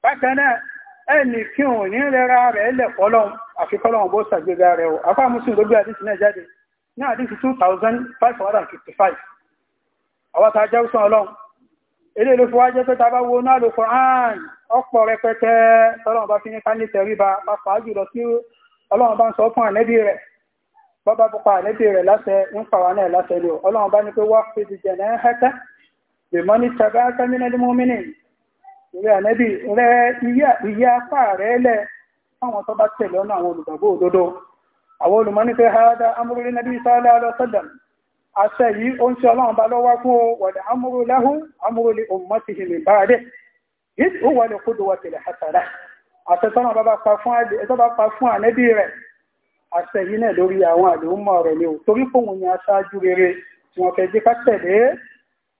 bákan náà ẹnì kí òun ní rẹra rẹ̀ lẹ̀ fọ́lọ́n àfikọ́lọ́wọ́n bó sàgbéga rẹ̀ o afá musin gbogbo àdìsí náà 2555 ilé ló fi wájẹ́ pé ta bá wo náà ló Qur'an ọ̀pọ̀ rẹpẹtẹ tọ́lọ́run bá fi ní jùlọ sí ọlọ́run bá ń sọ fún rẹ̀ rẹ̀ ń náà ọlọ́run bá ní pé wá fi ti jẹ̀nẹ́ hẹ́tẹ́ lèmọ́ ní tẹ̀bá rẹ iye apá rẹ̀ lẹ̀ fáwọn tó bá tẹ̀lé ọ̀nà àwọn olùgbàgbọ́ òdodo àwọn olùmọ́ ní pé amúrúlé nàbí sálẹ́ àṣẹ yìí ó ń ṣe ọlọ́run bá lọ́wọ́ fún wọ̀lẹ̀ amúrú lẹ́hún amúrú lè òmùmọ́ ti hìlè bá rẹ̀ yìí ó wọlé kó dùwọ́ tẹ̀lẹ̀ àtàrà àṣẹ tọ́nà bá pa fún ànẹ́bí rẹ̀ àṣẹ yìí náà lórí àwọn àlòmọ́ rẹ̀ ni ò torí fóun ni aṣáájú rere tí wọ́n fẹ́ jẹ́ ká tẹ̀lé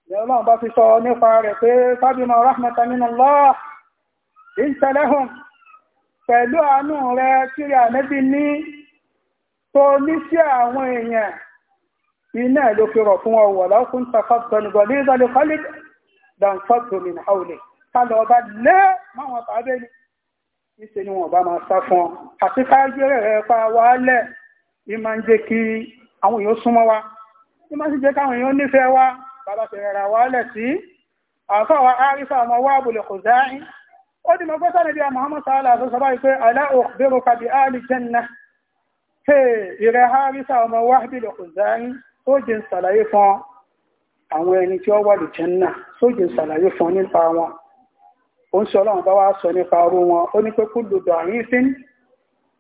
ni ọlọ́run bá fi sọ nípa rẹ̀ pé fábímọ̀ rahmatan minallah ìṣẹ̀lẹ́hùn pẹ̀lú iná ló fi rọ̀ fún ọ wọ̀ lọ́kùn takọ́tọ̀ nígbà ní ìdọ́lẹ̀ kọ́lẹ̀ dànfọ́tò mi náà lè kálọ̀ ọba lé máwọn tàbẹ́ ni níṣẹ́ ni wọn bá máa sá fún ọ àti káájú rẹ̀ pa wá lẹ̀ ní máa ń jẹ́ kí àwọn èèyàn súnmọ́ wa ní máa ń jẹ́ káwọn èèyàn nífẹ̀ẹ́ wa bàbá ti rà wá lẹ̀ sí àfọwọ́ àrífà ọmọ wa àbùlẹ̀ kò dáhìn ó dì mọ́ pẹ́sà ó jẹ́ ṣàlàyé fún àwọn ẹni tí ó wà lù jẹ́nà ó jẹ́ ṣàlàyé fún nípa wọn ó ń sọ ọlọ́run bá wá sọ nípa orú wọn ó ní pé kú lùdọ̀ àyín fín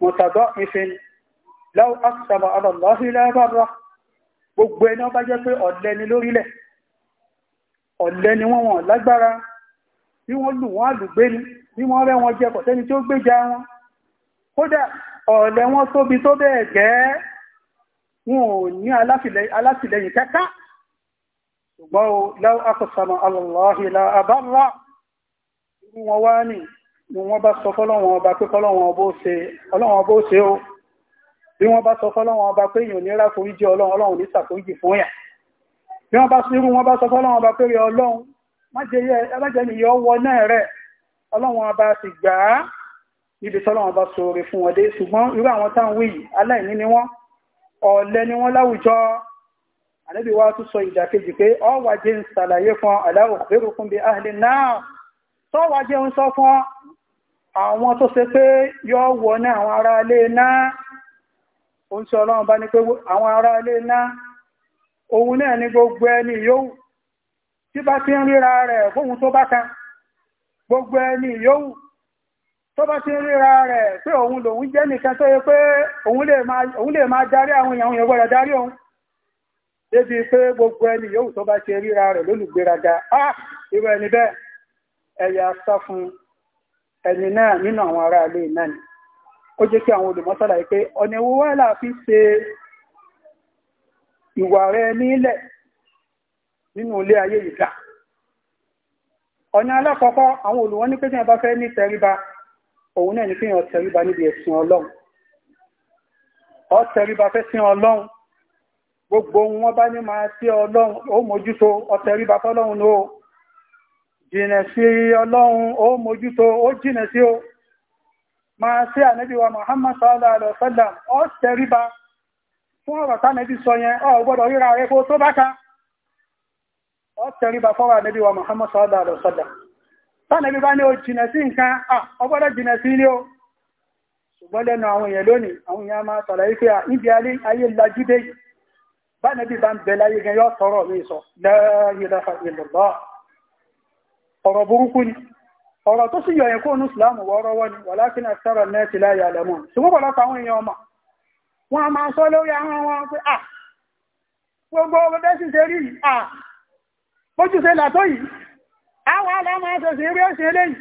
mọ̀tàdọ́ ìfín lọ́wọ́ àṣàbà ọlọ́lọ́hìn gbogbo ẹni ó bá jẹ́ pé ọ̀lẹ ni lórílẹ̀ ọ̀lẹ ni wọ́n wọ̀n lágbára bí wọ́n lù wọ́n àlùgbé ni bí wọ́n rẹ́ wọn jẹ kọ̀tẹ́ni tí ó gbéjà wọn kódà ọ̀lẹ wọn tóbi tó bẹ́ẹ̀ gẹ́ẹ́ wọn ò ní alátìlẹyìn kẹta ṣùgbọ́n o láwọ́ akọ̀sàmà alọ́lọ́hìlá àbára irú wọn wá ní ni wọ́n bá sọ fọ́lọ́wọ́n ọba pé fọ́lọ́wọ́n ọbó ṣe o bí wọ́n bá sọ fọ́lọ́wọ́n ọba pé èèyàn nira kò ríjẹ ọlọ́run ní sàkójì fún yà bí wọ́n bá sírú wọn bá sọ fọ́lọ́wọ́n ọba pé ọlọ́run májẹ ni yọ wọ náà rẹ̀ ọlọ́run ọba sì gbà á níbi tọ́lọ́run ọba sọ̀rọ̀ fún wọn dé ṣùgbọ́n irú àwọn táwọn wí yìí aláìní ni wọ́n Ọ̀lẹ́ ni wọ́n láwùjọ́, ànábì wa tún sọ ìdàkejì pé ọwà jẹ́ ń sàlàyé fún aláwọ̀ àbẹ́rùkún bí ahìlì náà tọ́wà jẹ́ ń sọ fún àwọn tó ṣe pé yọ́ wọ ní àwọn ará ilé náà ó ń sọ ọlọ́run bá ní pé àwọn ará ilé náà òun náà ni gbogbo ẹni yóò tí bá ti ń ríra rẹ̀ fóhun tó bá kan gbogbo ẹni yóò tó bá ti ríra rẹ̀ pé òun lòun jẹ́ nìkan tó yẹ pé òun lè máa darí àwọn èèyàn òun gbọ́dọ̀ darí òun débi pé gbogbo ẹni yóò tó bá ti ríra rẹ̀ lólùgbéraga á irú ẹni bẹ́ẹ̀ ẹ̀yà sá fún ẹni náà nínú àwọn aráalé náà ni ó jẹ́ kí àwọn pé ọ̀nà ìwọ wà láàfin ṣe ìwà nílẹ̀ nínú ilé ayé ọ̀nà alákọ̀ọ́kọ́ àwọn olùwọ́n ní òun náà ni pé yàn tẹríba níbi ẹ̀sìn ọlọ́run ọ tẹríba fẹ́ sí ọlọ́run gbogbo ohun wọ́n bá ní máa sí ọlọ́run ó mójútó ọ tẹríba fọ́lọ́run ló jìnà sí ọlọ́run ó mójútó ó jìnà sí ó máa sí ànábì Muhammad sallallahu alaihi wasallam ọ tẹríba fún ọ̀rọ̀ tánàbí sọ yẹn ọ gbọ́dọ̀ Muhammad sallallahu alaihi tánàbí bá ní o jìnà sí nǹkan ọgbọ́dọ̀ jìnà sí ilé o ṣùgbọ́n lẹ́nu àwọn èèyàn lónìí àwọn èèyàn máa tọ̀lá ife à níbi ayé lajídé bánàbí bá ń bẹ láyé gan yóò tọrọ mi sọ lẹ́yìnlẹ́fà ìlọ́lọ́ ọ̀rọ̀ burúkú ni ọ̀rọ̀ tó sì yọ̀yẹ̀ kó nù sùlámù wọ́ọ́rọ́wọ́ ni wàlákínà sọ̀rọ̀ nẹ́ẹ̀tì gbogbo ọmọdé sì ṣe rí à bójú ṣe yìí àwọn aláàmà ẹ̀sọ̀sìn eré ẹ̀sìn eléyìí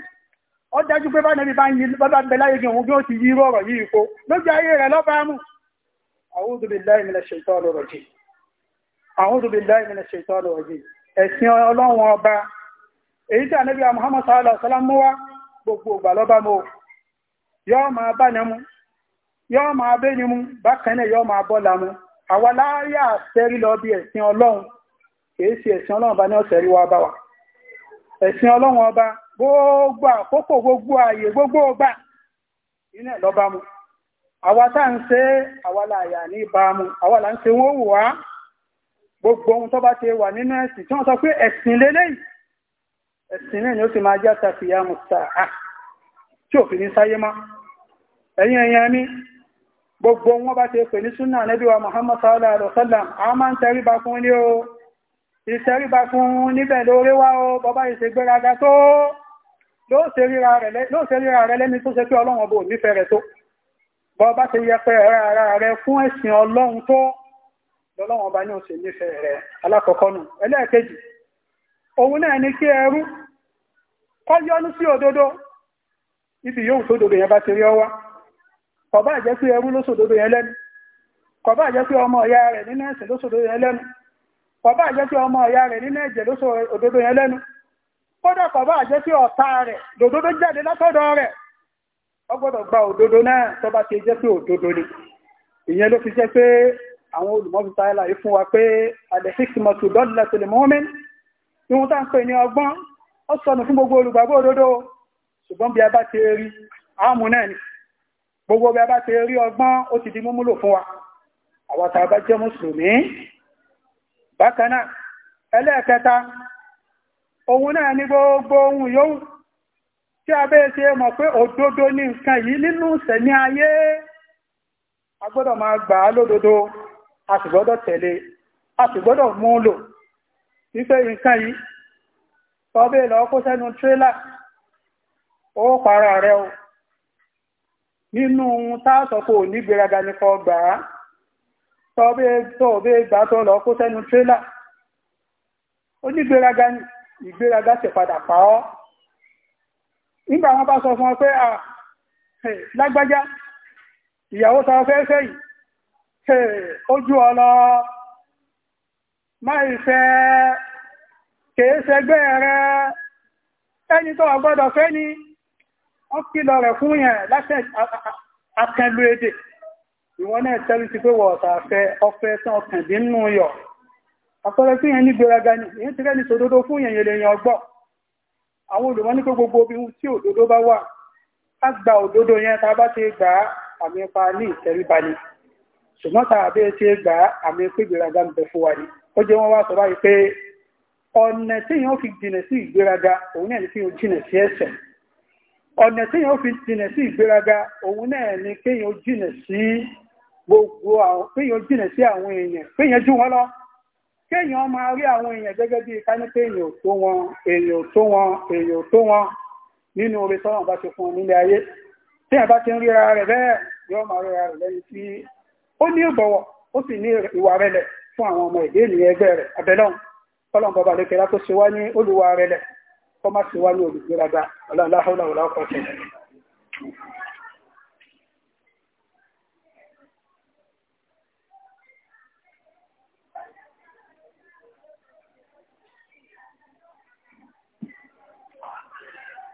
ó dájú pé bánàbí bá ń yí bábá ń bẹ láyé jẹun bí ó ti yí rọ̀rọ̀ yìí kó lójú ayé rẹ̀ lọ́bàámù A'udhu billahi minash shaitanir rajim A'udhu billahi minash shaitanir rajim ẹ̀sìn ọlọ́run ọba èyí tí ànábì Muhammad sallallahu alaihi wasallam wá gbogbo ìgbà lọ́bá mọ́ yọ́ máa bá ní mú yọ́ máa bẹ́ ní mú bákan náà yọ́ máa bọ́ la mú àwa láyà sẹ́rí lọ bí ẹ̀sìn ọlọ́run kìí ṣe ẹ̀sìn ọlọ́run bá ní ọ̀sẹ̀ rí wa bá wa ẹ̀sìn ọlọ́run ọba gbogbo àkókò gbogbo ààyè gbogbo ọba, iná ẹ̀ lọ́ba mu àwa tá à ń ṣe àwa là yà ní ìbámu àwa là ń ṣe wọ́n wù wá gbogbo ohun tó bá ti wà nínú ẹ̀sìn tí wọ́n sọ pé ẹ̀sìn lélẹ́yìí ẹ̀sìn náà ni ó ti máa jẹ́ àtàkìyà mùsàá tí òfin ní sáyé má ẹ̀yìn ẹ̀yìn ẹ̀mí gbogbo wọn bá ti pè ní súnà nẹ́bíwá Muhammad sallallahu alaihi sallam, a máa ń tẹríba fún ní o ìṣẹ́ríba fún níbẹ̀ lórí wá ó bọ́bá ìṣe gbéraga tó ló ṣe ríra rẹ lẹ́ni tó ṣe pé ọlọ́run ọbọ̀ nífẹ̀ẹ́ rẹ̀ tó bọ́bá ṣe yẹpẹ ara rẹ fún ẹ̀sìn ọlọ́run tó lọ́lọ́run ọba ní òṣè nífẹ̀ẹ́ rẹ̀ alákọ̀ọ́kọ́ nù ẹlẹ́ẹ̀kejì òun náà ni kí ẹrú kọ́ yọnu sí òdodo ibi yóò sódodo yẹn bá ti rí ọwá kọ̀bá jẹ́ pé ẹrú ló sódodo yẹn lẹ́nu kọ̀bá jẹ́ pé ọmọ ìyá rẹ̀ nínú ẹ̀sìn ló sódodo yẹn lẹ́nu kọ̀bá àjẹ́ tí ọmọ ọ̀yá rẹ̀ nínú ẹ̀jẹ̀ ló sọ òdodo yẹn lẹ́nu kódà kọ̀bá àjẹ́ tí ọ̀tá rẹ̀ lòdodo jáde látọ̀dọ̀ rẹ̀ ó gbọ́dọ̀ gba òdodo náà tó bá ti jẹ́ pé òdodo ni ìyẹn ló fi jẹ́ pé àwọn olùmọ́fíta ẹ̀là yìí fún wa pé alẹ́sìkìmọ̀tò dọ́lẹ̀ tẹ̀lé mọ́mìn tí wọ́n tá ń pè ní ọgbọ́n ó sọnù fún gbogbo olùgbàgbọ́ òdodo ṣùgbọ́n bí a bá ti rí àmú náà ni gbogbo bí a bá ti rí ọgbọ́n ó ti di múmúlò fún wa àwọn tá bá jẹ́ mùsùlùmí bákan náà ẹlẹ́ẹ̀kẹta ohun náà ní gbogbo ohun yóò tí a bẹ́ẹ̀ ṣe mọ̀ pé òdodo ní nǹkan yìí nínú sẹ̀mí ayé a gbọ́dọ̀ máa gbà á lódodo a sì gbọ́dọ̀ tẹ̀lé a sì gbọ́dọ̀ mú lò wípé nǹkan yìí tọ́bẹ̀ lọ kó sẹ́nu tírélà ó para rẹ o nínú ohun táàsọ̀ kò ní gbéraga gbà á tọ́ọ̀bẹ́ gbà tọ́ lọ kó sẹ́nu tírélà onígbéraga ni ìgbéraga sì padà pa ọ́ nígbà wọn bá sọ fún ọ pé à lágbájá ìyàwó sọ fẹ́ fẹ́ yìí ojú ọ lọ máa ìfẹ́ kèéṣẹgbẹ́ rẹ ẹni tó ọgbọ́dọ̀ fẹ́ ni wọ́n kìlọ̀ rẹ̀ fún yẹn láti àtẹ̀lú èdè ìwọ náà tẹ́lú ti pé wọ̀ọ̀tà fẹ́ ọfẹ́ tán ọkàndínú yọ̀ àpẹẹrẹ tí yẹn ní gbéraga ni èyí ti rẹ́ni sòdodo fún yẹn yẹlẹ yẹn ọgbọ́ àwọn olùmọ̀ ní pé gbogbo obìnrin tí òdodo bá wà á gba òdodo yẹn tá a bá ti gbà á àmì ipa ní ìtẹríba ni ṣùgbọ́n tá a bẹ́ẹ̀ ti gbà á àmì pé gbéraga ń bẹ fún wa ni ó jẹ́ wọ́n wá sọ báyìí pé ọ̀nà tí yẹn ó fi jìnà sí ìgbéraga òun náà ní fi jìnà sí ẹ̀ṣẹ̀ ọ̀nà tí yẹn ó fi jìnà sí ìgbéraga òun náà ní kéèyàn jìnà sí gbogbo àwọn jìnà sí àwọn èèyàn péyàn jù wọ́n lọ kéèyàn máa rí àwọn èèyàn gẹ́gẹ́ bí ká èèyàn tó wọn èèyàn tó wọn èèyàn tó wọn nínú oore tọ́wọ́n bá ti fún nílé ayé téèyàn bá ti ń ríra rẹ̀ bẹ́ẹ̀ yóò máa ríra rẹ̀ lẹ́yìn tí ó ní ìbọ̀wọ̀ ó sì ní ìwà rẹ̀lẹ̀ fún àwọn ọmọ ìdí ènìyàn ẹgbẹ́ rẹ̀ abẹ́lọ́n kọ́lọ̀ bàbá lókè látó ṣe wá ní olùwà rẹ̀lẹ̀ kọ́ má ṣe wá ní olùgbéraga ọlọ́láhùn làwọn ọkọ̀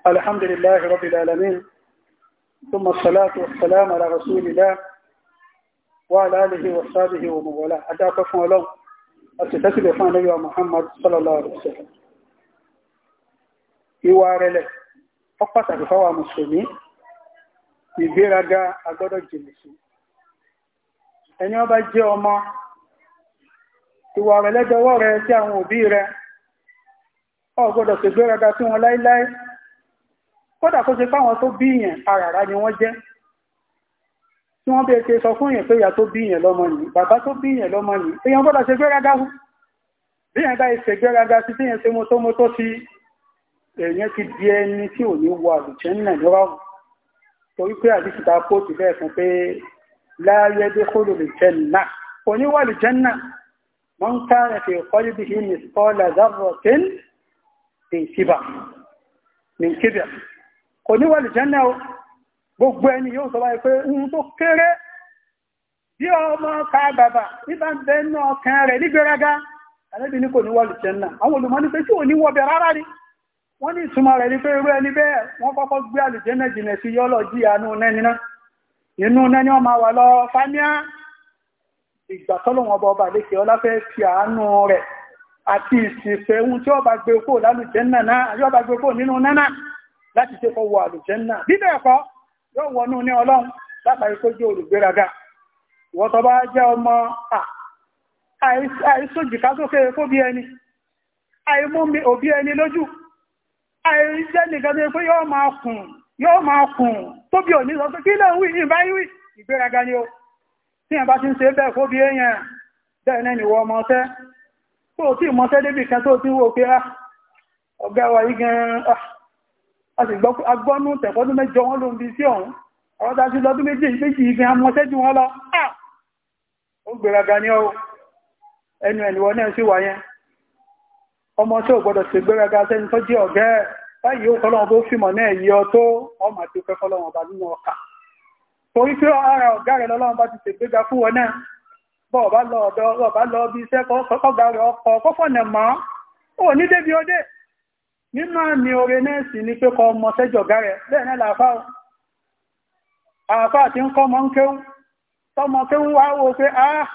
الحمد لله رب العالمين ثم الصلاة والسلام على رسول الله وعلى آله وصحبه ومن والاه أدعك فون لهم أتتسل فون نبي محمد صلى الله عليه وسلم ìwà rẹ̀lẹ̀ ọpàtàkì fáwà mùsùlùmí ìgbéraga agbọ́dọ̀ jìnnà sí ẹni ọba jẹ́ ọmọ ìwà rẹ̀lẹ̀ dọwọ́ rẹ̀ sí àwọn òbí rẹ̀ o gbọ́dọ̀ ṣègbéraga sí wọn láíláí kódà kó ṣe fáwọn tó bí yẹn aràrá ni wọ́n jẹ́ tí wọ́n bẹ̀rẹ̀ ṣe sọ fún yẹn pé ìyá tó bí yẹn lọ́mọ yìí bàbá tó bí yẹn lọ́mọ yìí èèyàn gbọ́dọ̀ ṣe gbéraga fún bí yẹn bá ṣe gbéraga sí tí yẹn ṣe mo tó mo tó ti èèyàn ti di ẹni tí ò ní wọ àlùjẹ́ ní nàìjíríà torí pé àdìsí ta kó ti bẹ́ẹ̀ fún pé láyé dé kóló lè jẹ́ nà kò ní wà àlùjẹ́ nà wọ́n ká fi kọ́lé bí i ní sọ́ọ́lá zárọ̀ tẹ́lẹ̀ kò ní wọ̀lù jẹ́ náà gbogbo ẹni yóò sọ báyé pé ohun tó kéré bí ọmọ ka bàbà nígbà bẹ́ náà kẹ́ rẹ̀ nígbéraga alẹ́bí ní kò ní wọ̀lù àwọn olùmọ̀ ní pé tí ò ní rárá rí wọ́n ní ìtumọ̀ rẹ̀ ní pé irú ẹni wọ́n kọ́kọ́ gbé àlùjẹ́nà jìnà sí yọ́lọ̀ jí àánú náà. inú nẹ́ni máa wà lọ ìgbà ọba lékè ọlá láti ṣe kọ́ wọ àlùjẹ́nà bíbẹ̀ ẹ̀kọ́ yóò wọnú ní ọlọ́run látàrí tó jẹ́ olùgbéraga ìwọ́n tó bá jẹ́ ọmọ àìsójìká sókè fóbi ẹni àìmọ́mi òbí ẹni lójú àìjẹ́ nìkan tó pé yóò máa kùn yóò máa kùn tó bí òní sọ pé kí lè ń wí ìbá wí ìgbéraga ni o tí ẹ̀ bá ti ń ṣe bẹ́ẹ̀ fóbi èèyàn bẹ́ẹ̀ náà nìwọ ọmọ ọ̀tẹ́ tó tí ìmọ̀tẹ́ débì kan tó ti wò pé ah, ọ̀gá wa yìí gan-an ah, a sì gbọ́nú tẹ̀kọ́dún mẹ́jọ wọn ló ń bí sí ọ̀hún ọ̀rọ̀ dájú lọ́dún méjì méjì ìfẹ́ amọ́sẹ́jú wọn lọ ó gbéraga ní ọ́ ẹnu ẹ̀lú wọn náà sí wà yẹn ọmọ tó gbọ́dọ̀ sí gbéraga sẹ́ni tó jẹ́ ọ̀gá ẹ̀ báyìí ó kọ́lọ́wọ́n bó fìmọ̀ náà yí ọ tó ọmọ tí ó fẹ́ kọ́lọ́wọ́n bá nínú ọkà torí pé ara ọ̀gá rẹ̀ lọ́lọ́wọ́n bá ti ṣègbéga fún wọn náà bọ́ ọ̀bá lọ ọ̀dọ́ ọ̀bá lọ bí iṣẹ́ kọ́gà rẹ̀ nínú àmì oore náà sì ní pé kọ ọmọ sẹ́jọ̀gá rẹ̀ bẹ́ẹ̀ náà làáfáà àáfáà tí ń kọ́ mọ́ ń kéhùn tọ́mọ kéhùn wá wo pé ah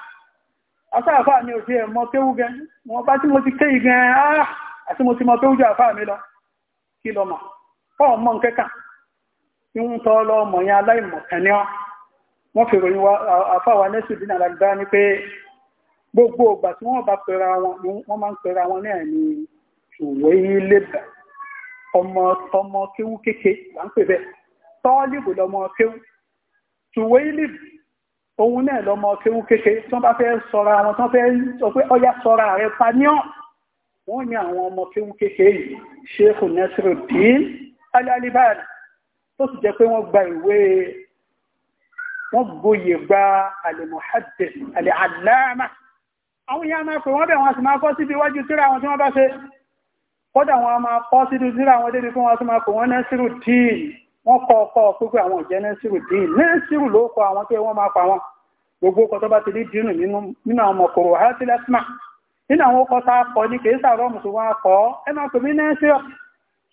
asáàfáà mi ò fi ẹ̀mọ kéhùn gan wọn bá tí mo ti kéhì gan ah àti mo ti mọ kéhùn jù àáfáà mi lọ kí lọ mọ̀ kọ́ ọmọ nkẹ́kà tí ń tọ́ lọ mọ̀ yẹn aláìmọ̀ kẹ́ni ọ́ wọ́n fi ròyìn àáfáà wa nẹ́sù dínà lágbá ni pé gbogbo ìgbà tí wọ́n bá pera wọn ni wọ́n máa ń pera wọn ní Suwailab ọmọ tọmọ kéwú kéke là ń pè bẹ́ẹ̀ tọ́lìbù lọmọ kéwú Suwailab òun náà lọmọ kéwú kéke tí wọ́n bá fẹ́ sọra àwọn tí wọ́n fẹ́ sọ pé ọya sọra rẹ̀ paniọ́ wọ́n ní àwọn ọmọ kéwú kéke yìí Sheikh Nasiruddin Al-Albani tó sì jẹ́ pé wọ́n gba ìwé wọ́n gboyè gba al-muhaddith àwọn ìyá máa pè wọ́n bẹ̀ sì máa kọ́ síbi iwájú tíra àwọn tí wọ́n bá ṣe kódà wọn a máa kọ́ sí síra àwọn débi fún wọn tó máa pè wọ́n nẹ́sìrù díì wọ́n kọ́ ọkọ̀ gbogbo àwọn ìjẹ́ nẹ́sìrù díì nẹ́sìrù ló kọ àwọn tó yẹ wọ́n máa pa wọn gbogbo ọkọ̀ tó bá ti rí dínú nínú àwọn ọkọ̀rọ̀ wàhálà sí lẹ́sìmà nínú àwọn ọkọ̀ tá a kọ ní kì í sàrọ̀ mùsùlùmí akọ̀ ẹ máa pè nẹ́sìrù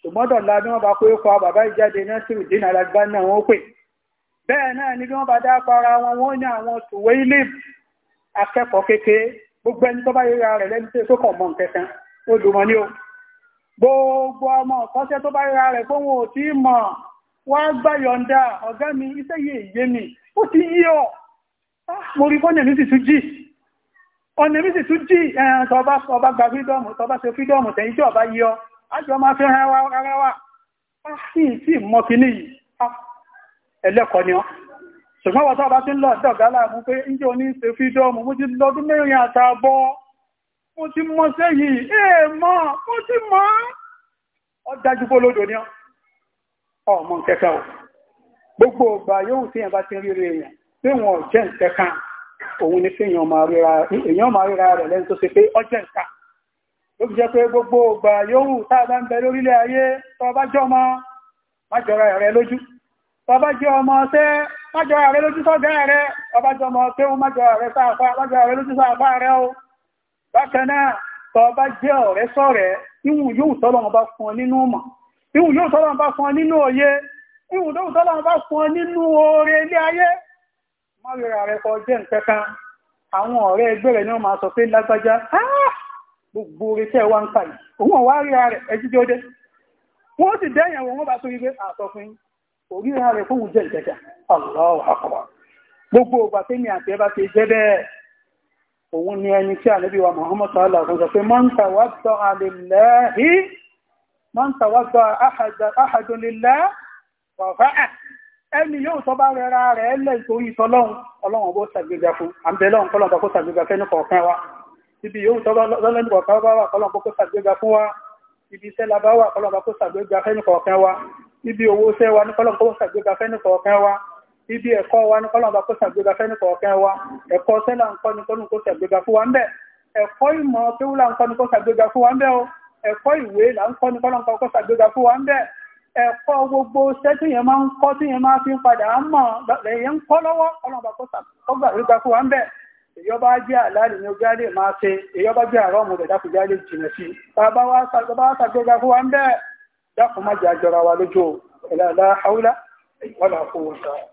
ṣùgbọ́n dọ̀la bí wọ́n bá pé kọ bàbá ìjáde nẹ́sìrù díì nàlágbá náà wọ́n pè gbogbo ọmọ ọ̀kọ́ṣẹ́ tó bá ra rẹ̀ pé wọn ò tí mọ̀ wọ́n gbà yọ̀ǹda ọ̀gá mi iṣẹ́ yìí èyé mi ó ti yí ọ̀ ah, mo rí fọ́nà mi sì tún jì ọ̀nà mi sì tún jì ọba gba fídọ́ọ̀mù ṣe fídọ́ọ̀mù tẹ̀yìn tí ọba yí ọ ájọ máa fi hàn ara wa ah, mọ kíní yìí ah, ẹlẹ́kọ̀ọ́ ni ọ́. ṣùgbọ́n wọ́n tọba ti ń lọ pé ń mo ti mọ́ sẹ́ yìí ẹ̀ mọ́ mo ti mọ́ ọ dájú bó lódò ní ọmọ kẹta ò gbogbo ọgbà yóò tí ẹ̀bá ti rírí èèyàn pé wọn jẹ́ ǹkẹ́kà òun ni pé èèyàn máa ríra rẹ̀ lẹ́nu tó ṣe pé ọ jẹ́ ǹkà ló fi jẹ́ pé gbogbo ọgbà yóò tá a bá ń bẹ lórílẹ̀ ayé tó bá jẹ́ ọmọ májọra rẹ̀ lójú tó bákan náà tọ́ bá jẹ́ ọ̀rẹ́ sọ̀rẹ́ ihun yóò tọ́lọ́run bá fún ọ nínú mọ̀ ihun yóò tọ́lọ́run bá fún ọ nínú òye ihun yóò tọ́lọ́run bá fún ọ nínú oore ilé ayé mọ́rírà rẹ̀ kọ jẹ́ nǹkan àwọn ọ̀rẹ́ ẹgbẹ́ rẹ̀ ni wọ́n máa sọ pé lágbájá gbogbo orí tẹ́ wá ń kà yìí òun ọ̀wá ríra rẹ̀ ẹjú tí ó dé wọ́n sì dẹ́yìn wọn wọ́n bá tó wípé àtọ́fin oríra rẹ̀ fóun jẹ́ ìjẹjà Allahu akbar gbogbo ògbà tẹ́mi àti ẹ bá ti jẹ́ bẹ́ẹ̀ òun ni ẹni tí ànábì wa Muhammad sallallahu alaihi wasallam pé man tawadda'a lillahi man tawadda'a ahadun lillahi rafa'ah ẹni yóò tọ́ bá rẹra rẹ̀ lẹ̀ torí ìtọ́lọ́run ọlọ́run bó ṣàgbéga fún ibi ẹ̀kọ́ wa ní kọ́lọ̀mbà kó ṣàgbéga fẹ́ni kọ̀ọ̀kẹ́ wa ẹ̀kọ́ sẹ́là ń kọ́ ni kọ́nù kó ṣàgbéga fún wa ń bẹ̀ ẹ̀kọ́ ìmọ̀ péwúlà ń kọ́ ni kó ṣàgbéga fún wa ń bẹ̀ o ẹ̀kọ́ ìwé là ń kọ́ ni kọ́lọ̀mbà kó ṣàgbéga fún wa ń bẹ̀ ẹ̀kọ́ gbogbo iṣẹ́ tí yẹn máa ń kọ́ tí yẹn máa fi ń padà á mọ̀ lẹ́yìn ń kọ́ lọ́wọ́ kọ́lọ̀mbà kó ṣàgbéga fún wa ń bẹ̀ ìyọba jẹ́ àlàlì ni ojú àlè máa ṣe ìyọba jẹ́ àrọ́ ọmọdé dákùjá lè jìnà sí bàbá wa ṣàgbéga fún wa ń bẹ̀ dákùn má jẹ́ àjọra wa lójú ò la hawla wala quwwata